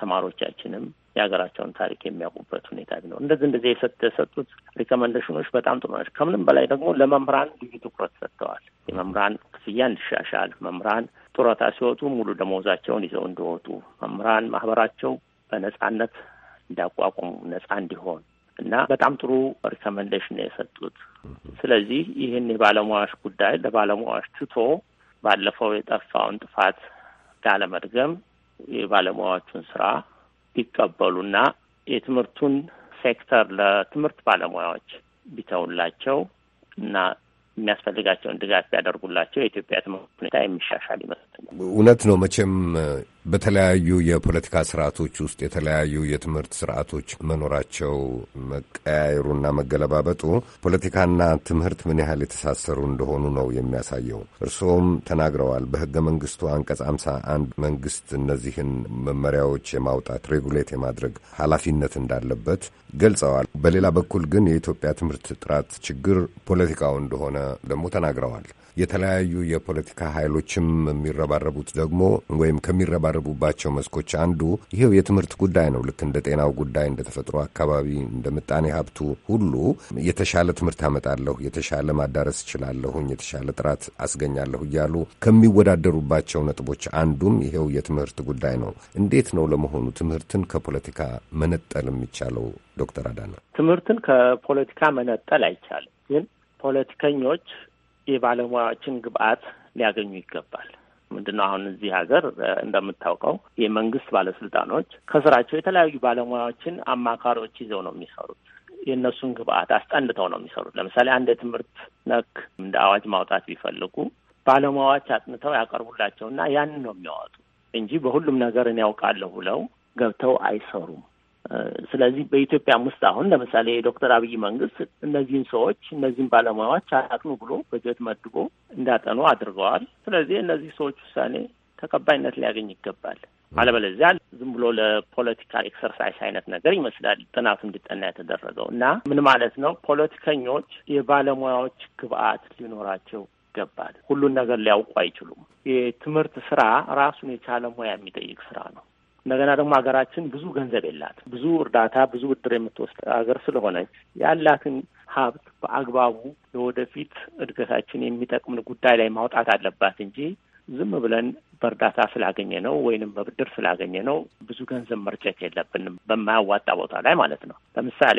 ተማሪዎቻችንም የሀገራቸውን ታሪክ የሚያውቁበት ሁኔታ ቢኖር እንደዚህ እንደዚህ የሰጡት ሪኮመንዴሽኖች በጣም ጥሩ ናቸው። ከምንም በላይ ደግሞ ለመምህራን ልዩ ትኩረት ሰጥተዋል። የመምህራን ክፍያ እንዲሻሻል፣ መምህራን ጡረታ ሲወጡ ሙሉ ደመወዛቸውን ይዘው እንዲወጡ፣ መምህራን ማህበራቸው በነጻነት እንዲያቋቁሙ ነጻ እንዲሆን እና በጣም ጥሩ ሪከመንዴሽን የሰጡት። ስለዚህ ይህን የባለሙያዎች ጉዳይ ለባለሙያዎች ትቶ ባለፈው የጠፋውን ጥፋት ላለመድገም የባለሙያዎቹን ስራ ቢቀበሉና የትምህርቱን ሴክተር ለትምህርት ባለሙያዎች ቢተውላቸው እና የሚያስፈልጋቸውን ድጋፍ ቢያደርጉላቸው የኢትዮጵያ ትምህርት ሁኔታ የሚሻሻል ይመስለኛል። እውነት ነው መቼም በተለያዩ የፖለቲካ ስርዓቶች ውስጥ የተለያዩ የትምህርት ስርዓቶች መኖራቸው መቀያየሩና መገለባበጡ ፖለቲካና ትምህርት ምን ያህል የተሳሰሩ እንደሆኑ ነው የሚያሳየው። እርስዎም ተናግረዋል። በህገ መንግስቱ አንቀጽ አምሳ አንድ መንግስት እነዚህን መመሪያዎች የማውጣት ሬጉሌት የማድረግ ኃላፊነት እንዳለበት ገልጸዋል። በሌላ በኩል ግን የኢትዮጵያ ትምህርት ጥራት ችግር ፖለቲካው እንደሆነ ደግሞ ተናግረዋል። የተለያዩ የፖለቲካ ኃይሎችም የሚረባረቡት ደግሞ ወይም ከሚረባረቡባቸው መስኮች አንዱ ይሄው የትምህርት ጉዳይ ነው። ልክ እንደ ጤናው ጉዳይ፣ እንደ ተፈጥሮ አካባቢ፣ እንደ ምጣኔ ሀብቱ ሁሉ የተሻለ ትምህርት አመጣለሁ፣ የተሻለ ማዳረስ እችላለሁኝ፣ የተሻለ ጥራት አስገኛለሁ እያሉ ከሚወዳደሩባቸው ነጥቦች አንዱም ይሄው የትምህርት ጉዳይ ነው። እንዴት ነው ለመሆኑ ትምህርትን ከፖለቲካ መነጠል የሚቻለው? ዶክተር አዳና ትምህርትን ከፖለቲካ መነጠል አይቻልም። ግን ፖለቲከኞች የባለሙያዎችን ግብአት ሊያገኙ ይገባል። ምንድነው አሁን እዚህ ሀገር እንደምታውቀው የመንግስት ባለስልጣኖች ከስራቸው የተለያዩ ባለሙያዎችን፣ አማካሪዎች ይዘው ነው የሚሰሩት። የእነሱን ግብአት አስጠንተው ነው የሚሰሩት። ለምሳሌ አንድ የትምህርት ነክ እንደ አዋጅ ማውጣት ቢፈልጉ ባለሙያዎች አጥንተው ያቀርቡላቸውና ያንን ነው የሚያወጡ እንጂ በሁሉም ነገር እኔ ያውቃለሁ ብለው ገብተው አይሰሩም። ስለዚህ በኢትዮጵያም ውስጥ አሁን ለምሳሌ የዶክተር አብይ መንግስት እነዚህን ሰዎች እነዚህን ባለሙያዎች አያጥኑ ብሎ በጀት መድቦ እንዳጠኑ አድርገዋል። ስለዚህ እነዚህ ሰዎች ውሳኔ ተቀባይነት ሊያገኝ ይገባል። አለበለዚያ ዝም ብሎ ለፖለቲካ ኤክሰርሳይስ አይነት ነገር ይመስላል ጥናቱ እንዲጠና የተደረገው እና ምን ማለት ነው? ፖለቲከኞች የባለሙያዎች ግብአት ሊኖራቸው ይገባል። ሁሉን ነገር ሊያውቁ አይችሉም። የትምህርት ስራ ራሱን የቻለ ሙያ የሚጠይቅ ስራ ነው። እንደገና ደግሞ ሀገራችን ብዙ ገንዘብ የላት ብዙ እርዳታ ብዙ ብድር የምትወስድ ሀገር ስለሆነች ያላትን ሀብት በአግባቡ ለወደፊት እድገታችን የሚጠቅምን ጉዳይ ላይ ማውጣት አለባት እንጂ ዝም ብለን በእርዳታ ስላገኘ ነው ወይንም በብድር ስላገኘ ነው ብዙ ገንዘብ መርጨት የለብንም፣ በማያዋጣ ቦታ ላይ ማለት ነው። ለምሳሌ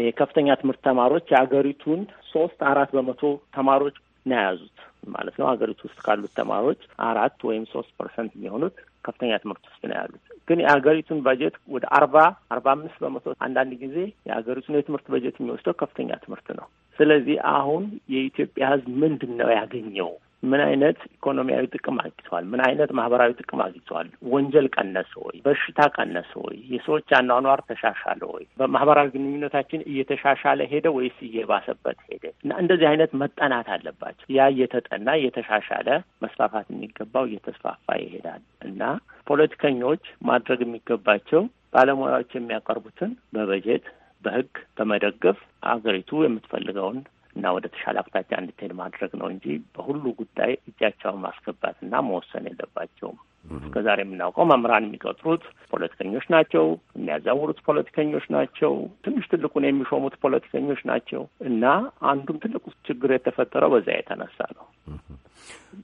የከፍተኛ ትምህርት ተማሪዎች የሀገሪቱን ሶስት አራት በመቶ ተማሪዎች ነው የያዙት ማለት ነው። ሀገሪቱ ውስጥ ካሉት ተማሪዎች አራት ወይም ሶስት ፐርሰንት የሚሆኑት ከፍተኛ ትምህርት ውስጥ ነው ያሉት። ግን የሀገሪቱን በጀት ወደ አርባ አርባ አምስት በመቶ አንዳንድ ጊዜ የሀገሪቱን የትምህርት በጀት የሚወስደው ከፍተኛ ትምህርት ነው። ስለዚህ አሁን የኢትዮጵያ ሕዝብ ምንድን ነው ያገኘው? ምን አይነት ኢኮኖሚያዊ ጥቅም አግኝተዋል? ምን አይነት ማህበራዊ ጥቅም አግኝተዋል? ወንጀል ቀነሰ ወይ? በሽታ ቀነሰ ወይ? የሰዎች አኗኗር ተሻሻለ ወይ? በማህበራዊ ግንኙነታችን እየተሻሻለ ሄደ ወይስ እየባሰበት ሄደ? እና እንደዚህ አይነት መጠናት አለባቸው። ያ እየተጠና እየተሻሻለ መስፋፋት የሚገባው እየተስፋፋ ይሄዳል እና ፖለቲከኞች ማድረግ የሚገባቸው ባለሙያዎች የሚያቀርቡትን በበጀት በህግ በመደገፍ አገሪቱ የምትፈልገውን እና ወደ ተሻለ አቅጣጫ እንድትሄድ ማድረግ ነው እንጂ በሁሉ ጉዳይ እጃቸውን ማስገባት እና መወሰን የለባቸውም። እስከዛሬ የምናውቀው መምህራን የሚቀጥሩት ፖለቲከኞች ናቸው፣ የሚያዛውሩት ፖለቲከኞች ናቸው፣ ትንሽ ትልቁን የሚሾሙት ፖለቲከኞች ናቸው እና አንዱም ትልቁ ችግር የተፈጠረው በዛ የተነሳ ነው።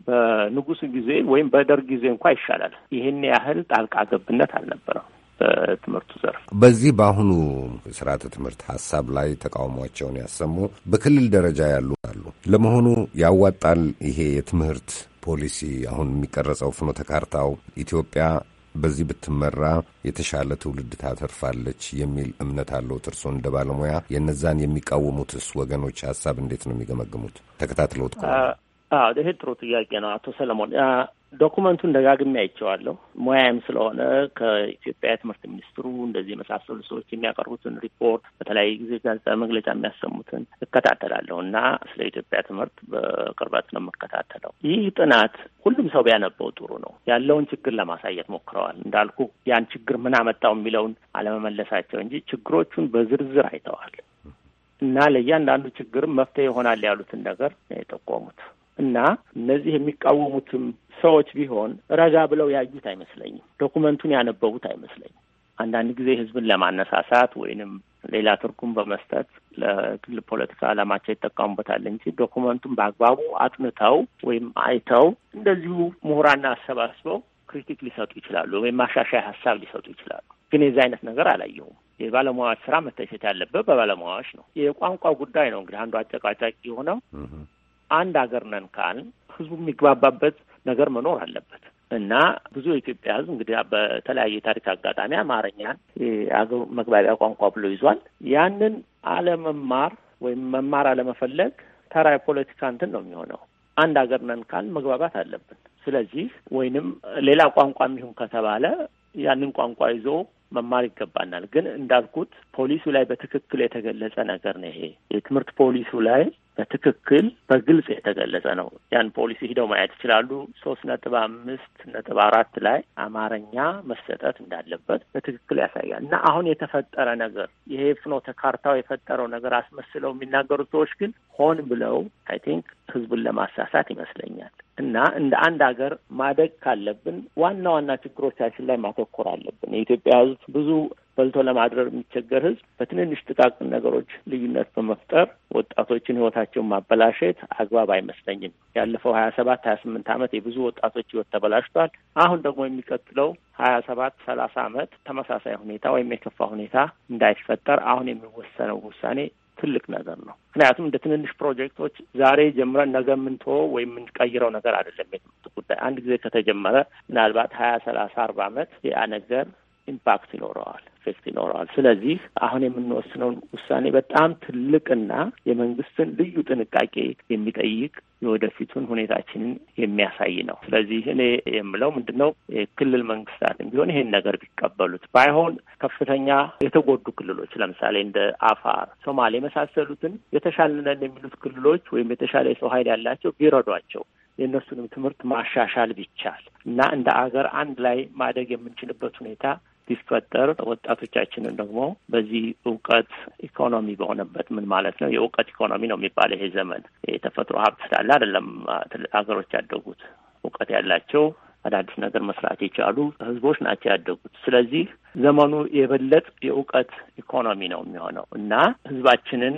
በንጉሱ ጊዜ ወይም በደርግ ጊዜ እንኳ ይሻላል፣ ይህን ያህል ጣልቃ ገብነት አልነበረም። በትምህርቱ ዘርፍ በዚህ በአሁኑ ስርዓተ ትምህርት ሀሳብ ላይ ተቃውሟቸውን ያሰሙ በክልል ደረጃ ያሉ አሉ። ለመሆኑ ያዋጣል ይሄ የትምህርት ፖሊሲ አሁን የሚቀረጸው ፍኖተ ካርታው ኢትዮጵያ በዚህ ብትመራ የተሻለ ትውልድ ታተርፋለች የሚል እምነት አለው እርስዎ እንደ ባለሙያ የእነዛን የሚቃወሙትስ ወገኖች ሀሳብ እንዴት ነው የሚገመግሙት? ተከታትለውት አዎ ይሄ ጥሩ ጥያቄ ነው አቶ ሰለሞን። ዶኩመንቱን ደጋግሜ አይቼዋለሁ። ሙያም ስለሆነ ከኢትዮጵያ ትምህርት ሚኒስትሩ እንደዚህ የመሳሰሉ ሰዎች የሚያቀርቡትን ሪፖርት በተለያየ ጊዜ ጋዜጣ መግለጫ የሚያሰሙትን እከታተላለሁ እና ስለ ኢትዮጵያ ትምህርት በቅርበት ነው የምከታተለው። ይህ ጥናት ሁሉም ሰው ቢያነበው ጥሩ ነው። ያለውን ችግር ለማሳየት ሞክረዋል። እንዳልኩ ያን ችግር ምን አመጣው የሚለውን አለመመለሳቸው እንጂ ችግሮቹን በዝርዝር አይተዋል እና ለእያንዳንዱ ችግር መፍትሄ ይሆናል ያሉትን ነገር የጠቆሙት እና እነዚህ የሚቃወሙትም ሰዎች ቢሆን ረጋ ብለው ያዩት አይመስለኝም። ዶኩመንቱን ያነበቡት አይመስለኝም። አንዳንድ ጊዜ ህዝብን ለማነሳሳት ወይንም ሌላ ትርጉም በመስጠት ለግል ፖለቲካ አላማቸው ይጠቀሙበታል እንጂ ዶኩመንቱን በአግባቡ አጥንተው ወይም አይተው እንደዚሁ ምሁራና አሰባስበው ክሪቲክ ሊሰጡ ይችላሉ ወይም ማሻሻያ ሀሳብ ሊሰጡ ይችላሉ። ግን የዚህ አይነት ነገር አላየሁም። የባለሙያዎች ስራ መተቸት ያለበት በባለሙያዎች ነው። የቋንቋ ጉዳይ ነው እንግዲህ አንዱ አጨቃጫቂ የሆነው አንድ ሀገር ነን ካል ህዝቡ የሚግባባበት ነገር መኖር አለበት እና ብዙ የኢትዮጵያ ህዝብ እንግዲህ በተለያየ ታሪክ አጋጣሚ አማርኛን መግባቢያ ቋንቋ ብሎ ይዟል። ያንን አለመማር ወይም መማር አለመፈለግ ተራ የፖለቲካ እንትን ነው የሚሆነው። አንድ ሀገር ነን ካል መግባባት አለብን። ስለዚህ ወይንም ሌላ ቋንቋ የሚሆን ከተባለ ያንን ቋንቋ ይዞ መማር ይገባናል። ግን እንዳልኩት ፖሊሱ ላይ በትክክል የተገለጸ ነገር ነው። ይሄ የትምህርት ፖሊሱ ላይ በትክክል በግልጽ የተገለጸ ነው። ያን ፖሊሲ ሂደው ማየት ይችላሉ። ሶስት ነጥብ አምስት ነጥብ አራት ላይ አማርኛ መሰጠት እንዳለበት በትክክል ያሳያል እና አሁን የተፈጠረ ነገር ይሄ ፍኖተ ካርታው የፈጠረው ነገር አስመስለው የሚናገሩት ሰዎች ግን ሆን ብለው አይ ቲንክ ህዝቡን ለማሳሳት ይመስለኛል። እና እንደ አንድ ሀገር ማደግ ካለብን ዋና ዋና ችግሮቻችን ላይ ማተኮር አለብን። የኢትዮጵያ ህዝብ ብዙ በልቶ ለማድረር የሚቸገር ህዝብ በትንንሽ ጥቃቅን ነገሮች ልዩነት በመፍጠር ወጣቶችን ህይወታቸውን ማበላሸት አግባብ አይመስለኝም። ያለፈው ሀያ ሰባት ሀያ ስምንት አመት የብዙ ወጣቶች ህይወት ተበላሽቷል። አሁን ደግሞ የሚቀጥለው ሀያ ሰባት ሰላሳ አመት ተመሳሳይ ሁኔታ ወይም የከፋ ሁኔታ እንዳይፈጠር አሁን የሚወሰነው ውሳኔ ትልቅ ነገር ነው። ምክንያቱም እንደ ትንንሽ ፕሮጀክቶች ዛሬ ጀምረን ነገ የምንተወው ወይም የምንቀይረው ነገር አይደለም። የትምህርት ጉዳይ አንድ ጊዜ ከተጀመረ ምናልባት ሀያ ሰላሳ አርባ አመት ያ ነገር ኢምፓክት ይኖረዋል፣ ኢፌክት ይኖረዋል። ስለዚህ አሁን የምንወስነውን ውሳኔ በጣም ትልቅና የመንግስትን ልዩ ጥንቃቄ የሚጠይቅ የወደፊቱን ሁኔታችንን የሚያሳይ ነው። ስለዚህ እኔ የምለው ምንድን ነው የክልል መንግስታትም ቢሆን ይሄን ነገር ቢቀበሉት፣ ባይሆን ከፍተኛ የተጎዱ ክልሎች ለምሳሌ እንደ አፋር፣ ሶማሌ የመሳሰሉትን የተሻለ የሚሉት ክልሎች ወይም የተሻለ የሰው ኃይል ያላቸው ቢረዷቸው የእነሱንም ትምህርት ማሻሻል ቢቻል እና እንደ አገር አንድ ላይ ማደግ የምንችልበት ሁኔታ ቢፈጠር ወጣቶቻችንን ደግሞ በዚህ እውቀት ኢኮኖሚ በሆነበት ምን ማለት ነው? የእውቀት ኢኮኖሚ ነው የሚባለው ይሄ ዘመን የተፈጥሮ ሀብት ስላለ አይደለም ሀገሮች ያደጉት እውቀት ያላቸው አዳዲስ ነገር መስራት የቻሉ ህዝቦች ናቸው ያደጉት። ስለዚህ ዘመኑ የበለጥ የእውቀት ኢኮኖሚ ነው የሚሆነው እና ህዝባችንን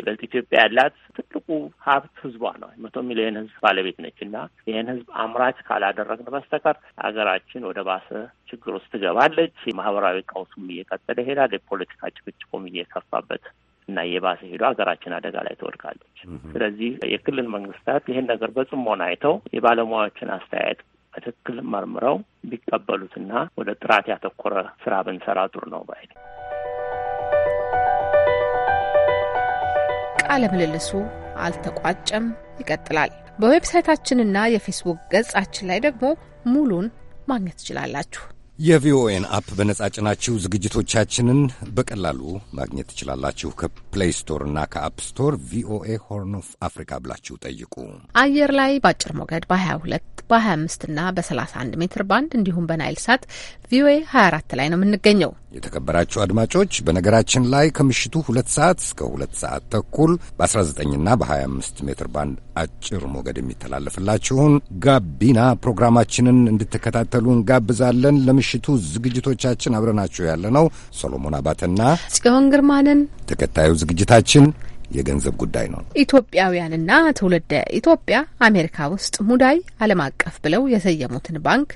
ይበልጥ ኢትዮጵያ ያላት ትልቁ ሀብት ህዝቧ ነው። መቶ ሚሊዮን ህዝብ ባለቤት ነች እና ይህን ህዝብ አምራች ካላደረግን በስተቀር ሀገራችን ወደ ባሰ ችግር ውስጥ ትገባለች። የማህበራዊ ቀውሱም እየቀጠለ ይሄዳል። የፖለቲካ ጭቅጭቁም እየከፋበት እና የባሰ ሄዶ ሀገራችን አደጋ ላይ ትወድቃለች። ስለዚህ የክልል መንግስታት ይህን ነገር በጽሞና አይተው የባለሙያዎችን አስተያየት በትክክል መርምረው ቢቀበሉትና ወደ ጥራት ያተኮረ ስራ ብንሰራ ጥሩ ነው ባይ ቃለ ምልልሱ አልተቋጨም፣ ይቀጥላል። በዌብሳይታችንና የፌስቡክ ገጻችን ላይ ደግሞ ሙሉን ማግኘት ትችላላችሁ። የቪኦኤን አፕ በነጻ ጭናችሁ ዝግጅቶቻችንን በቀላሉ ማግኘት ትችላላችሁ። ከፕሌይ ስቶር እና ከአፕ ስቶር ቪኦኤ ሆርን ኦፍ አፍሪካ ብላችሁ ጠይቁ። አየር ላይ በአጭር ሞገድ በ22 በ25 እና በ31 ሜትር ባንድ እንዲሁም በናይል ሳት ቪኦኤ 24 ላይ ነው የምንገኘው። የተከበራችሁ አድማጮች በነገራችን ላይ ከምሽቱ ሁለት ሰዓት እስከ ሁለት ሰዓት ተኩል በ19ና በ25 ሜትር ባንድ አጭር ሞገድ የሚተላለፍላችሁን ጋቢና ፕሮግራማችንን እንድትከታተሉ እንጋብዛለን። ለምሽቱ ዝግጅቶቻችን አብረናችሁ ያለ ነው ሰሎሞን አባተና ጽዮን ግርማንን። ተከታዩ ዝግጅታችን የገንዘብ ጉዳይ ነው። ኢትዮጵያውያንና ትውልደ ኢትዮጵያ አሜሪካ ውስጥ ሙዳይ ዓለም አቀፍ ብለው የሰየሙትን ባንክ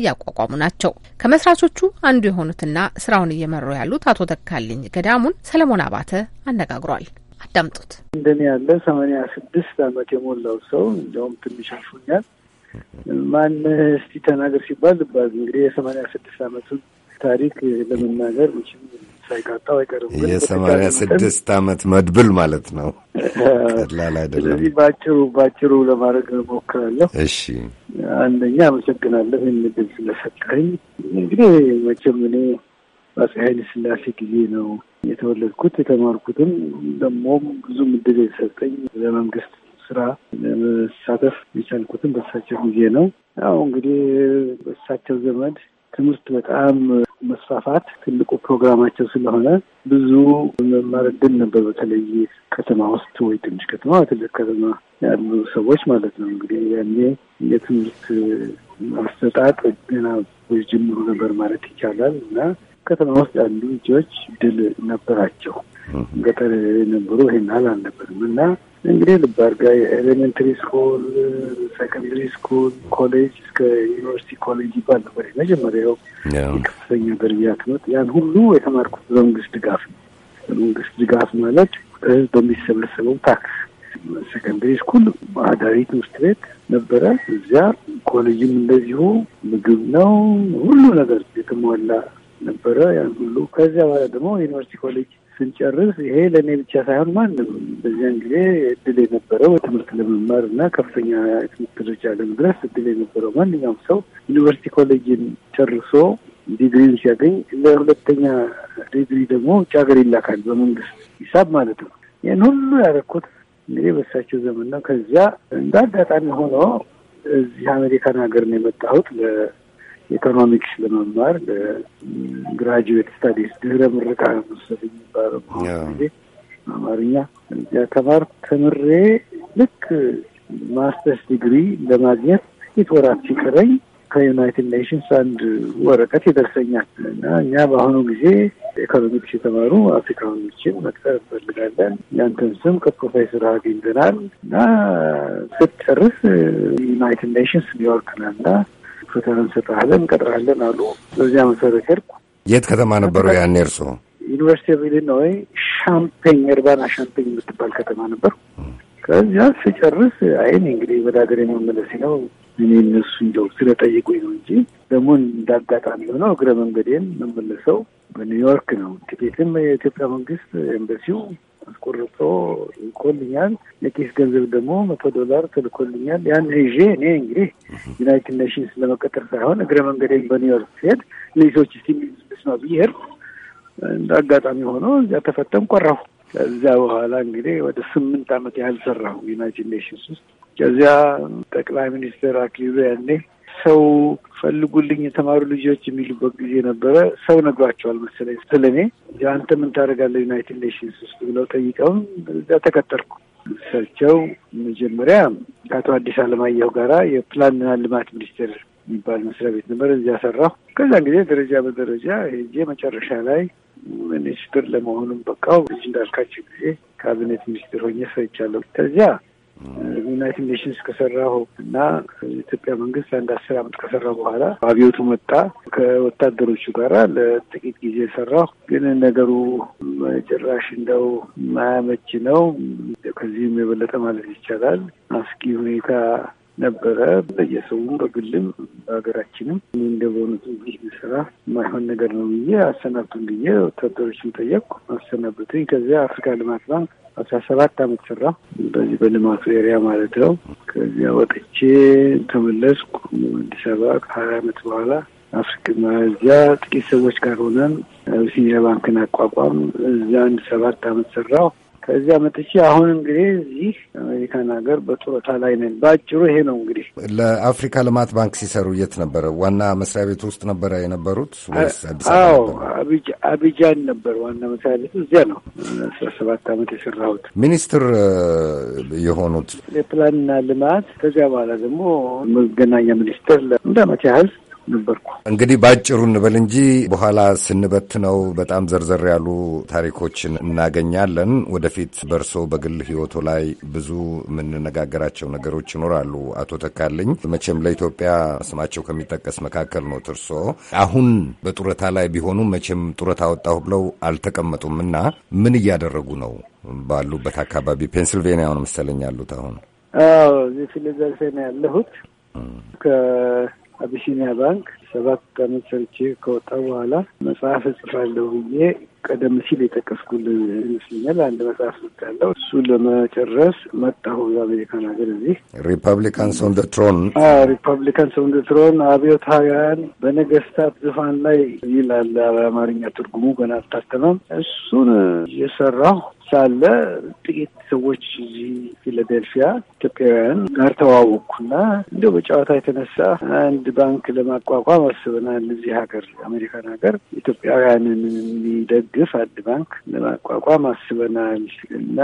እያቋቋሙ ናቸው። ከመስራቾቹ አንዱ የሆኑትና ስራውን እየመሩ ያሉት አቶ ተካልኝ ገዳሙን ሰለሞን አባተ አነጋግሯል። አዳምጡት። እንደኔ ያለ ሰማንያ ስድስት አመት የሞላው ሰው እንዲያውም ትንሽ አልፎኛል። ማን እስቲ ተናገር ሲባል ባዝ እንግዲህ የሰማንያ ስድስት አመቱን ታሪክ ለመናገር ምችም ሳይቃጣው አይቀርም። የሰማንያ ስድስት ዓመት መድብል ማለት ነው። ቀላል አይደለም። ስለዚህ በአጭሩ በአጭሩ ለማድረግ እሞክራለሁ። እሺ፣ አንደኛ አመሰግናለሁ ይህን ዕድል ስለሰጠኝ። እንግዲህ መቼም እኔ በአፄ ኃይለ ሥላሴ ጊዜ ነው የተወለድኩት የተማርኩትም ደግሞ ብዙ ዕድል የተሰጠኝ ለመንግስት ስራ ለመሳተፍ የቻልኩትም በሳቸው ጊዜ ነው። ያው እንግዲህ በሳቸው ዘመድ ትምህርት በጣም መስፋፋት ትልቁ ፕሮግራማቸው ስለሆነ ብዙ መማር እድል ነበር። በተለይ ከተማ ውስጥ ወይ ትንሽ ከተማ ትልቅ ከተማ ያሉ ሰዎች ማለት ነው። እንግዲህ ያኔ የትምህርት አሰጣጥ ገና ጅምሩ ነበር ማለት ይቻላል እና ከተማ ውስጥ ያሉ ልጆች ድል ነበራቸው። ገጠር የነበሩ ይሄን ያህል አልነበርም እና እንግዲህ ልብ አድርጋ የኤሌሜንትሪ ስኩል፣ ሰከንድሪ ስኩል፣ ኮሌጅ እስከ ዩኒቨርሲቲ ኮሌጅ ይባል ነበር የመጀመሪያው የከፍተኛ ደረጃ ትምህርት። ያን ሁሉ የተማርኩት በመንግስት ድጋፍ ነው። በመንግስት ድጋፍ ማለት ህዝብ በሚሰበሰበው ታክስ። ሰከንድሪ ስኩል ማህዳሪ ትምህርት ቤት ነበረ። እዚያ ኮሌጅም እንደዚሁ ምግብ ነው ሁሉ ነገር የተሟላ ነበረ። ያን ሁሉ ከዚያ በኋላ ደግሞ ዩኒቨርሲቲ ኮሌጅ ስንጨርስ ይሄ ለእኔ ብቻ ሳይሆን ማንም በዚያን ጊዜ እድል የነበረው ትምህርት ለመማር እና ከፍተኛ ትምህርት ደረጃ ለመድረስ እድል የነበረው ማንኛውም ሰው ዩኒቨርሲቲ ኮሌጅን ጨርሶ ዲግሪን ሲያገኝ ለሁለተኛ ዲግሪ ደግሞ ውጭ ሀገር ይላካል፣ በመንግስት ሂሳብ ማለት ነው። ይህን ሁሉ ያደረኩት እንግዲህ በሳቸው ዘመን ነው። ከዚያ እንደ አጋጣሚ ሆኖ እዚህ አሜሪካን ሀገር ነው የመጣሁት ኢኮኖሚክስ ለመማር ግራጁዌት ስታዲስ ድህረ ምረቃ መሰለኝ የሚባለው ጊዜ አማርኛ ተማር ተምሬ ልክ ማስተርስ ዲግሪ ለማግኘት ጥቂት ወራት ሲቀረኝ ከዩናይትድ ኔሽንስ አንድ ወረቀት ይደርሰኛል እና እኛ በአሁኑ ጊዜ ኢኮኖሚክስ የተማሩ አፍሪካኖችን መቅጠር እንፈልጋለን። ያንተን ስም ከፕሮፌሰር አግኝተናል እና ስትጨርስ ዩናይትድ ኔሽንስ ኒውዮርክ ና ፈተና እንሰጥሃለን እንቀጥራለን አሉ። በዚያ መሰረት ሄድኩ። የት ከተማ ነበሩ ያኔ እርስዎ? ዩኒቨርሲቲ ኦፍ ኢሊኖይ ሻምፔኝ እርባና ሻምፔኝ የምትባል ከተማ ነበር። ከዚያ ስጨርስ አይን እንግዲህ ወደ ሀገር የመመለስ ነው እኔ እነሱ እንደው ስለጠይቁኝ ነው እንጂ ደግሞ እንዳጋጣሚ ሆነው እግረ መንገዴን መመለሰው በኒውዮርክ ነው። ቲኬትም የኢትዮጵያ መንግስት ኤምባሲው አስቆርጦ ልኮልኛል። የኪስ ገንዘብ ደግሞ መቶ ዶላር ተልኮልኛል። ያን ይዤ እኔ እንግዲህ ዩናይትድ ኔሽንስ ለመቀጠር ሳይሆን እግረ መንገዴን በኒውዮርክ ሲሄድ ሌሶች ስ ስማ ብዬ እንደ አጋጣሚ ሆኖ እዚያ ተፈተም ቆራሁ። ከዚያ በኋላ እንግዲህ ወደ ስምንት ዓመት ያህል ሰራሁ ዩናይትድ ኔሽንስ ውስጥ። ከዚያ ጠቅላይ ሚኒስትር አክሊሉ ያኔ ሰው ፈልጉልኝ የተማሩ ልጆች የሚሉበት ጊዜ ነበረ። ሰው ነግሯቸዋል መሰለኝ ስለ እኔ አንተ ምን ታደርጋለህ ዩናይትድ ኔሽንስ ውስጥ ብለው ጠይቀውም እዛ ተቀጠርኩ። እሳቸው መጀመሪያ ከአቶ አዲስ አለማየሁ ጋራ የፕላንና ልማት ሚኒስቴር የሚባል መስሪያ ቤት ነበር፣ እዚያ ሰራሁ። ከዛን ጊዜ ደረጃ በደረጃ ሄጄ መጨረሻ ላይ ሚኒስትር ለመሆኑም በቃው። ልጅ እንዳልካቸው ጊዜ ካቢኔት ሚኒስትር ሆኜ ሰርቻለሁ። ከዚያ ዩናይትድ ኔሽንስ ከሰራሁ እና የኢትዮጵያ መንግስት አንድ አስር አመት ከሰራ በኋላ አብዮቱ መጣ። ከወታደሮቹ ጋር ለጥቂት ጊዜ ሰራሁ። ግን ነገሩ ጭራሽ እንደው ማያመች ነው። ከዚህም የበለጠ ማለት ይቻላል አስጊ ሁኔታ ነበረ። በየሰውም በግልም በሀገራችንም እንደ በእውነቱ ይህ ስራ የማይሆን ነገር ነው ብዬ አሰናብቱን ብዬ ወታደሮችን ጠየቅኩ። አሰናብቱኝ። ከዚያ አፍሪካ ልማት ባንክ አስራ ሰባት አመት ሰራሁ በዚህ በልማቱ ኤሪያ ማለት ነው። ከዚያ ወጥቼ ተመለስኩ አዲስ አበባ ከሀያ አመት በኋላ አፍሪካ እዚያ ጥቂት ሰዎች ጋር ሆነን አቢሲኒያ ባንክን አቋቋም እዚያ አንድ ሰባት አመት ሰራሁ። ከዚያ መጥቼ አሁን እንግዲህ እዚህ አሜሪካን ሀገር በጡረታ ላይ ነን። በአጭሩ ይሄ ነው እንግዲህ። ለአፍሪካ ልማት ባንክ ሲሰሩ የት ነበረ? ዋና መስሪያ ቤቱ ውስጥ ነበረ የነበሩት ወይስ አዲስ አበባ? አቢጃን ነበር ዋና መስሪያ ቤቱ፣ እዚያ ነው አስራ ሰባት አመት የሰራሁት። ሚኒስትር የሆኑት የፕላንና ልማት ከዚያ በኋላ ደግሞ መገናኛ ሚኒስትር ለአንድ አመት ያህል ነበርኩ። እንግዲህ በአጭሩ እንበል እንጂ በኋላ ስንበት ነው በጣም ዘርዘር ያሉ ታሪኮችን እናገኛለን። ወደፊት በእርሶ በግል ህይወቶ ላይ ብዙ የምንነጋገራቸው ነገሮች ይኖራሉ። አቶ ተካልኝ መቼም ለኢትዮጵያ ስማቸው ከሚጠቀስ መካከል ነው። እርሶ አሁን በጡረታ ላይ ቢሆኑ መቼም ጡረታ ወጣሁ ብለው አልተቀመጡም እና ምን እያደረጉ ነው ባሉበት አካባቢ? ፔንስልቬኒያ ነው መሰለኝ ያሉት አሁን። አዎ ያለሁት። አቢሲኒያ ባንክ ሰባት አመት ሰርቼ ከወጣ በኋላ መጽሐፍ እጽፋለሁ ብዬ ቀደም ሲል የጠቀስኩልን ይመስለኛል አንድ መጽሐፍ ያለው እሱ ለመጨረስ መጣሁ አሜሪካን ሀገር እዚህ ሪፐብሊካን ኦን ዘ ትሮን ሪፐብሊካን ኦን ዘ ትሮን አብዮታውያን በነገስታት ዙፋን ላይ ይላል አማርኛ ትርጉሙ ገና አልታተመም እሱን እየሰራሁ ሳለ ጥቂት ሰዎች እዚህ ፊላዴልፊያ ኢትዮጵያውያን ጋር ተዋወቅኩና እንዲያው በጨዋታ የተነሳ አንድ ባንክ ለማቋቋም አስበናል። እዚህ ሀገር አሜሪካን ሀገር ኢትዮጵያውያንን የሚደግፍ አንድ ባንክ ለማቋቋም አስበናል እና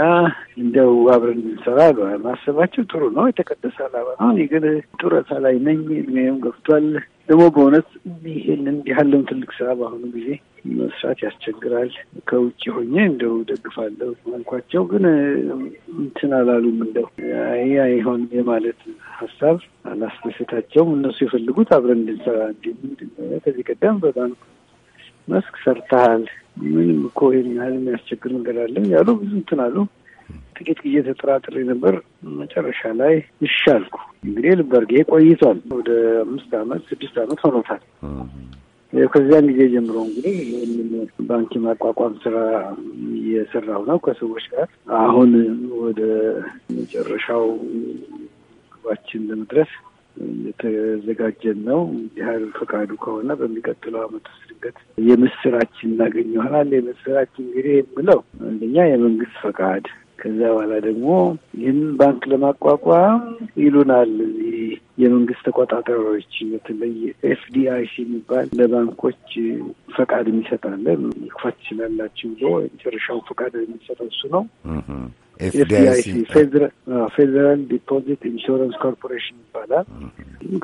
እንደው አብረን እንሰራ አሉ። ማሰባቸው ጥሩ ነው፣ የተቀደሰ አላማ ነው። እኔ ግን ጡረታ ላይ ነኝ፣ እድሜም ገብቷል። ደግሞ በእውነት ይህን እንዲህ ያለውን ትልቅ ስራ በአሁኑ ጊዜ መስራት ያስቸግራል። ከውጭ ሆኜ እንደው ደግፋለሁ አልኳቸው፣ ግን እንትን አላሉም። እንደው ይህ አይሆን የማለት ሀሳብ አላስደሰታቸውም። እነሱ የፈልጉት አብረን እንድንሰራ እንዲ ከዚህ ቀደም በጣም መስክ ሰርተሃል፣ ምንም እኮ ይህን ያህል የሚያስቸግር ነገር አለ ያሉ ብዙ እንትን አሉ። ጥቂት ጊዜ ተጠራጥሬ ነበር። መጨረሻ ላይ ይሻልኩ እንግዲህ ልበርጌ ቆይቷል። ወደ አምስት አመት ስድስት አመት ሆኖታል። ከዚያን ጊዜ ጀምሮ እንግዲህ ይህንን ባንክ የማቋቋም ስራ እየሰራው ነው ከሰዎች ጋር። አሁን ወደ መጨረሻው ግባችን ለመድረስ የተዘጋጀን ነው። ያህል ፈቃዱ ከሆነ በሚቀጥለው አመት ውስጥ ድንገት የምስራችን እናገኝ ይሆናል። የምስራችን እንግዲህ የምለው አንደኛ የመንግስት ፈቃድ ከዛ በኋላ ደግሞ ይህን ባንክ ለማቋቋም ይሉናል እዚህ የመንግስት ተቆጣጣሪዎች በተለይ ኤፍዲአይሲ የሚባል ለባንኮች ፈቃድ የሚሰጣለን መክፈት ትችላላችሁ ብሎ የመጨረሻው ፈቃድ የሚሰጠው እሱ ነው። ኤፍዲአይሲ ፌዴራል ዲፖዚት ኢንሹራንስ ኮርፖሬሽን ይባላል።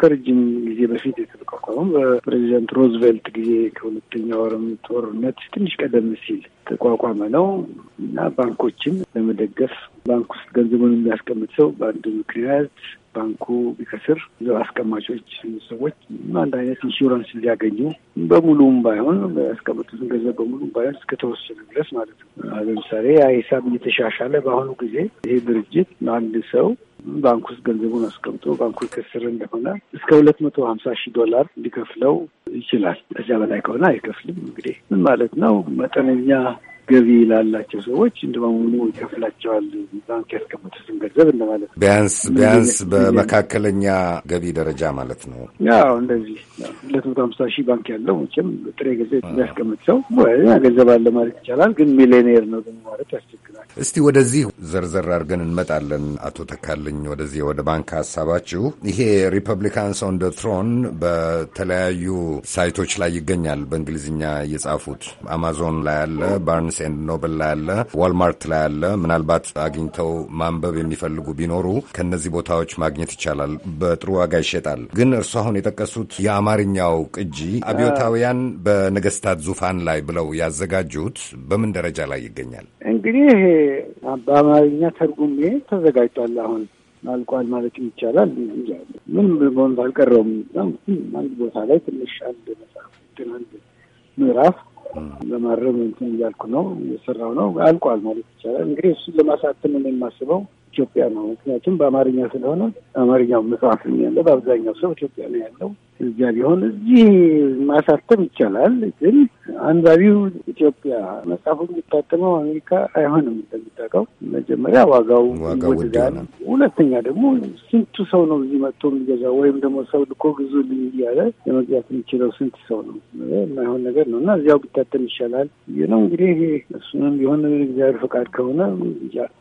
ከረጅም ጊዜ በፊት የተቋቋመው በፕሬዚዳንት ሮዝቬልት ጊዜ ከሁለተኛው ዓለም ጦርነት ትንሽ ቀደም ሲል ተቋቋመ ነው እና ባንኮችን ለመደገፍ ባንክ ውስጥ ገንዘቡን የሚያስቀምጥ ሰው በአንድ ምክንያት ባንኩ ቢከስር አስቀማጮች ሰዎች አንድ አይነት ኢንሹራንስ ሊያገኙ በሙሉም ባይሆን ያስቀመጡትን ገንዘብ በሙሉም ባይሆን እስከተወሰነ ድረስ ማለት ነው። ለምሳሌ ያ ሂሳብ እየተሻሻለ በአሁኑ ጊዜ ይሄ ድርጅት አንድ ሰው ባንክ ውስጥ ገንዘቡን አስቀምጦ ባንኩ ከስር እንደሆነ እስከ ሁለት መቶ ሀምሳ ሺህ ዶላር ሊከፍለው ይችላል። ከዚያ በላይ ከሆነ አይከፍልም። እንግዲህ ምን ማለት ነው? መጠነኛ ገቢ ላላቸው ሰዎች እንደ በሙሉ ይከፍላቸዋል። ባንክ ያስቀመጡትን ገንዘብ እንደማለት ቢያንስ ቢያንስ በመካከለኛ ገቢ ደረጃ ማለት ነው። ያው እንደዚህ ሁለት መቶ ሀምሳ ሺህ ባንክ ያለው መቼም ጥሬ ጊዜ የሚያስቀምጥ ሰው ገንዘብ አለ ማለት ይቻላል። ግን ሚሊዮኔር ነው ግን ማለት ያስቸግራል። እስቲ ወደዚህ ዘርዘር አድርገን እንመጣለን። አቶ ተካልኝ ወደዚህ ወደ ባንክ ሀሳባችሁ ይሄ ሪፐብሊካንስ ኦን ደ ትሮን በተለያዩ ሳይቶች ላይ ይገኛል። በእንግሊዝኛ የጻፉት አማዞን ላይ አለ ባርን ጌትስ ኤንድ ኖብል ላይ አለ፣ ዋልማርት ላይ አለ። ምናልባት አግኝተው ማንበብ የሚፈልጉ ቢኖሩ ከነዚህ ቦታዎች ማግኘት ይቻላል። በጥሩ ዋጋ ይሸጣል። ግን እርሱ አሁን የጠቀሱት የአማርኛው ቅጂ አብዮታውያን በነገስታት ዙፋን ላይ ብለው ያዘጋጁት በምን ደረጃ ላይ ይገኛል? እንግዲህ በአማርኛ ተርጉሜ ተዘጋጅቷል። አሁን አልቋል ማለት ይቻላል። ምን መሆን ባልቀረውም አንድ ቦታ ላይ ትንሽ አንድ መጽሐፍ ምዕራፍ ለማረም እንትን እያልኩ ነው እየሰራው ነው። አልቋል ማለት ይቻላል። እንግዲህ እሱን ለማሳተም ነው የማስበው ኢትዮጵያ ነው። ምክንያቱም በአማርኛ ስለሆነ አማርኛው መጽሐፍ ያለ በአብዛኛው ሰው ኢትዮጵያ ነው ያለው እዚያ ቢሆን እዚህ ማሳተም ይቻላል። ግን አንባቢው ኢትዮጵያ መጽሐፉን የሚታተመው አሜሪካ አይሆንም። እንደሚታውቀው መጀመሪያ ዋጋው ይወድዳል። ሁለተኛ ደግሞ ስንቱ ሰው ነው እዚህ መጥቶ የሚገዛ ወይም ደግሞ ሰው ልኮ ግዙ ልኝ እያለ ለመግዛት የሚችለው ስንት ሰው ነው? የማይሆን ነገር ነው እና እዚያው ቢታተም ይሻላል ነው እንግዲህ እሱንም ቢሆን እግዚአብሔር ፈቃድ ከሆነ